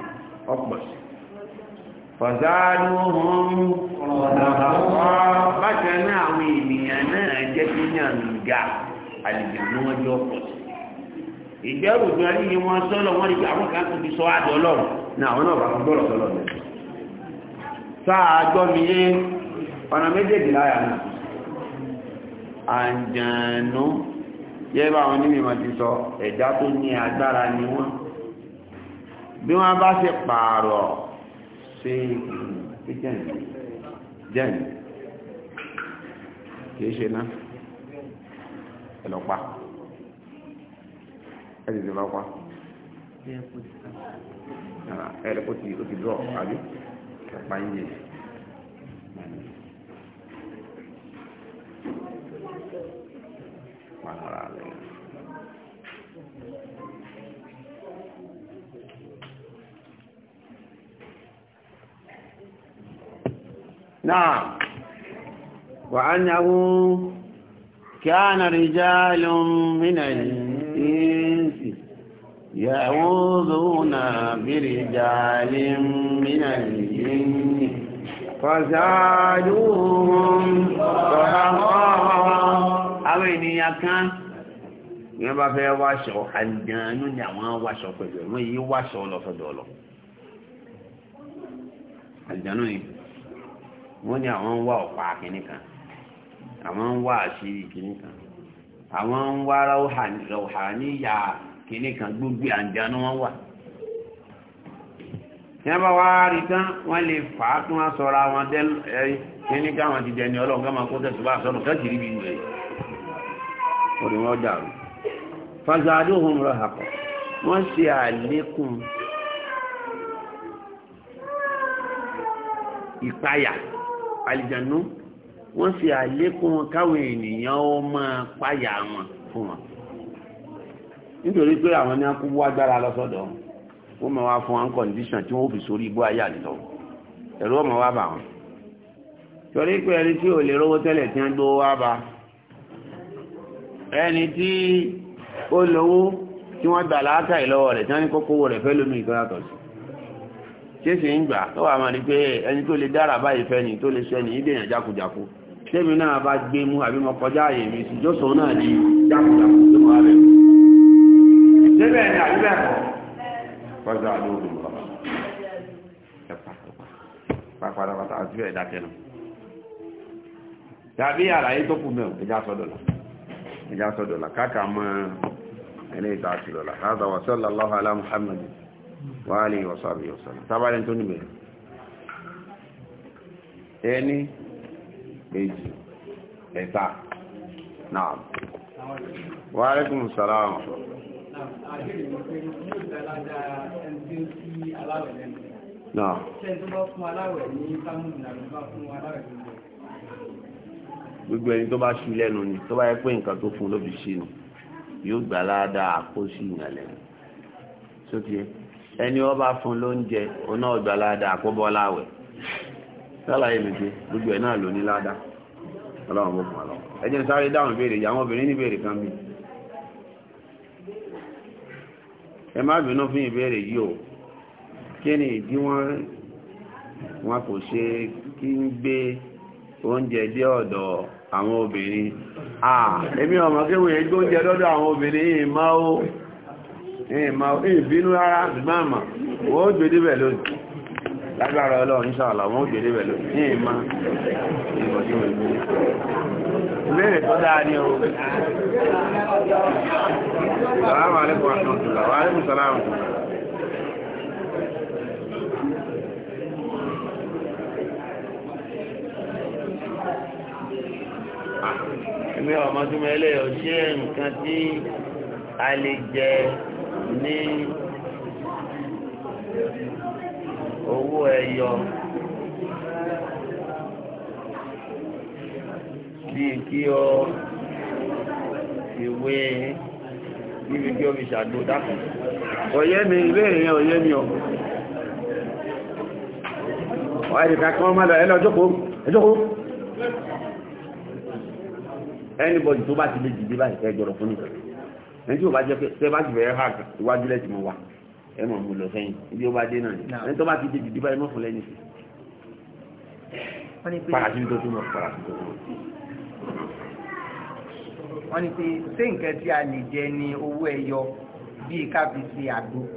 S1: ọ̀pọ̀ sí fọ̀záàdù ohun ọ̀dàbọ̀ bákan náà àwọn ènìyàn náà jẹ́ kí ní àmìgá àlìjànú ọjọ́ ọ̀pọ̀ sí ìjẹ́rù jọ ní wọn sọ́lọ̀ wọ́n ní pé bá fún ọ̀nà méjèèjì láyà náà àǹjànú yẹ́bà wọn ní mímọ̀ ti sọ ẹ̀dá tó ní agbára ni wọ́n bí wọ́n bá ṣe pààrọ̀ ṣe jẹ́ni kìí ṣe náà ẹlọ́pàá ẹ̀dì tí lọ́pàá ẹ̀rẹ́pọ̀ tí ó ti dọ́ àbí ẹ̀pàá yìí سبحانه
S2: وتعالى
S1: نعم وأنه كان رجال من الإنس يعوذون برجال من الجن فزادوهم رهقا àwọn ènìyàn kan wọ́n bá fẹ́ wáṣọ àjànú ni àwọn wáṣọ pẹ̀lú ẹ̀wọ́n yìí wáṣọ lọ́sọ̀dọ̀ lọ àjànú ni wọ́n ní àwọn ń wá ọ̀pá kìíní kan àwọn ń wá àṣírí kìíní kan àwọn ń wá ráwùhà níyà kìíní kan gbogbo àjànú wọn wà tí wọ́n bá wá rí tán wọ́n lè fà á tún wá sọ̀rọ̀ àwọn kìíní káwọn ti dẹni ọlọ́run máa kó tẹ̀síwá sọ̀rọ̀ kẹ́kìrí bí ìwé yìí orí wọn dàrú fàzàdó ohun rọ ṣe àlékún ìpayà àlìjànú ṣe àlékún káwọn ènìyàn ó máa wọn fún wọn nítorí pé àwọn ní wọn tí fi sórí ibú ayé ọmọ bà wọn torí ẹni tí ó lówó tí wọ́n gbà láàkà ìlọ́wọ́ rẹ̀ tí wọ́n ní kókówó rẹ̀ fẹ́ lómi ìtọ́yàtọ̀ sí tí sì ń gbà tó wà máa ní pé ẹni tó lè dára báyìí fẹ́ ni tó lè ṣẹ́ ni ìdèyàn jákujàku tẹ́mi náà bá gbé mú àbí mo kọjá àyè mi sí jósòó náà ní jákujàku tó máa rẹ̀
S2: débẹ̀ ni àbí bẹ́ẹ̀
S1: kọ́ kọjá àdóhùn bàbá ẹ̀pà pàpàdàpàtà àti ẹ̀dá kẹnu tàbí àlàyé tó kù mẹ́rin ẹjá sọ́dọ̀ ìjà sọ́dọ̀ làkàkà mọ́ ẹni ìta àti lọ́la hádà wà sọ́lá lọ́wọ́ alá muhammad wà ní wàsàbí wàsàbí tábàlẹ̀ tó níbẹ̀ ẹni èjì ẹ̀ta náà wà rẹ́kùn sàlámù gbogbo ẹni tó bá ṣí lẹ́nu ni tó bá yẹ pé nǹkan tó fún ló fi ṣí ni yóò gbà ládàá kó sí ìyàn lẹ́nu sóti ẹni wọ́n bá fún lóúnjẹ òun náà gbà ládàá kó bọ́ láwẹ̀ sálàyé mi pé gbogbo ẹ̀ náà ló ní ládàá ọlọ́run bó fún wa lọ ẹ jẹ́ sáré dáhùn ìbéèrè yìí àwọn obìnrin ní ìbéèrè kan bí ẹ má bínú fún ìbéèrè yìí o kí ni ìdí wọn wọn kò ṣe kí ń gbé oúnjẹ dé ọ̀dọ̀ àwọn obìnrin àà èmi ọmọ kí wọ́n ègbó oúnjẹ lọ́dọ̀ àwọn obìnrin ìmá ìbínú ara gbáàmà wọ́n gbèdé bẹ̀ lónìí lágbára ọlọ́run ìṣàlá wọ́n gbèdé bẹ̀ lónìí ìmá o mùsùlùmí ọmọdúnmọ́ ẹlẹ́yọ̀ ṣé nǹkan tí a lè jẹ ní
S2: owó ẹyọ bíi kí ọ
S1: ìwé níbi kí ọ fi ṣàgbó dákùn. ọ̀yẹ́ mi ìbéèrè yẹn ọ̀yẹ́ mi ọ̀hún
S2: wáyé kàkọ́ mọ́lá ẹlọ́jọ́kó ẹjọ́kó
S1: anybody tó bá ti lè dìde báyìí ẹ jọrọ fún mi ẹni tí o bá jẹ pé tẹ bá ti bẹ̀rẹ̀ hàk iwájú lẹ́tì mọ̀ wá ẹ mọ̀ mo lọ sẹ́yìn ibi ó bá dé náà ẹni tó bá ti lè dìde báyìí mọ̀ fún lẹ́yìn sí. parasi tó tún mọ̀ parasi tó tún mọ̀.
S2: wọ́n ní pé ṣé nǹkan
S1: tí a lè jẹ ni owó ẹyọ bíi ká fi ṣe àgbo.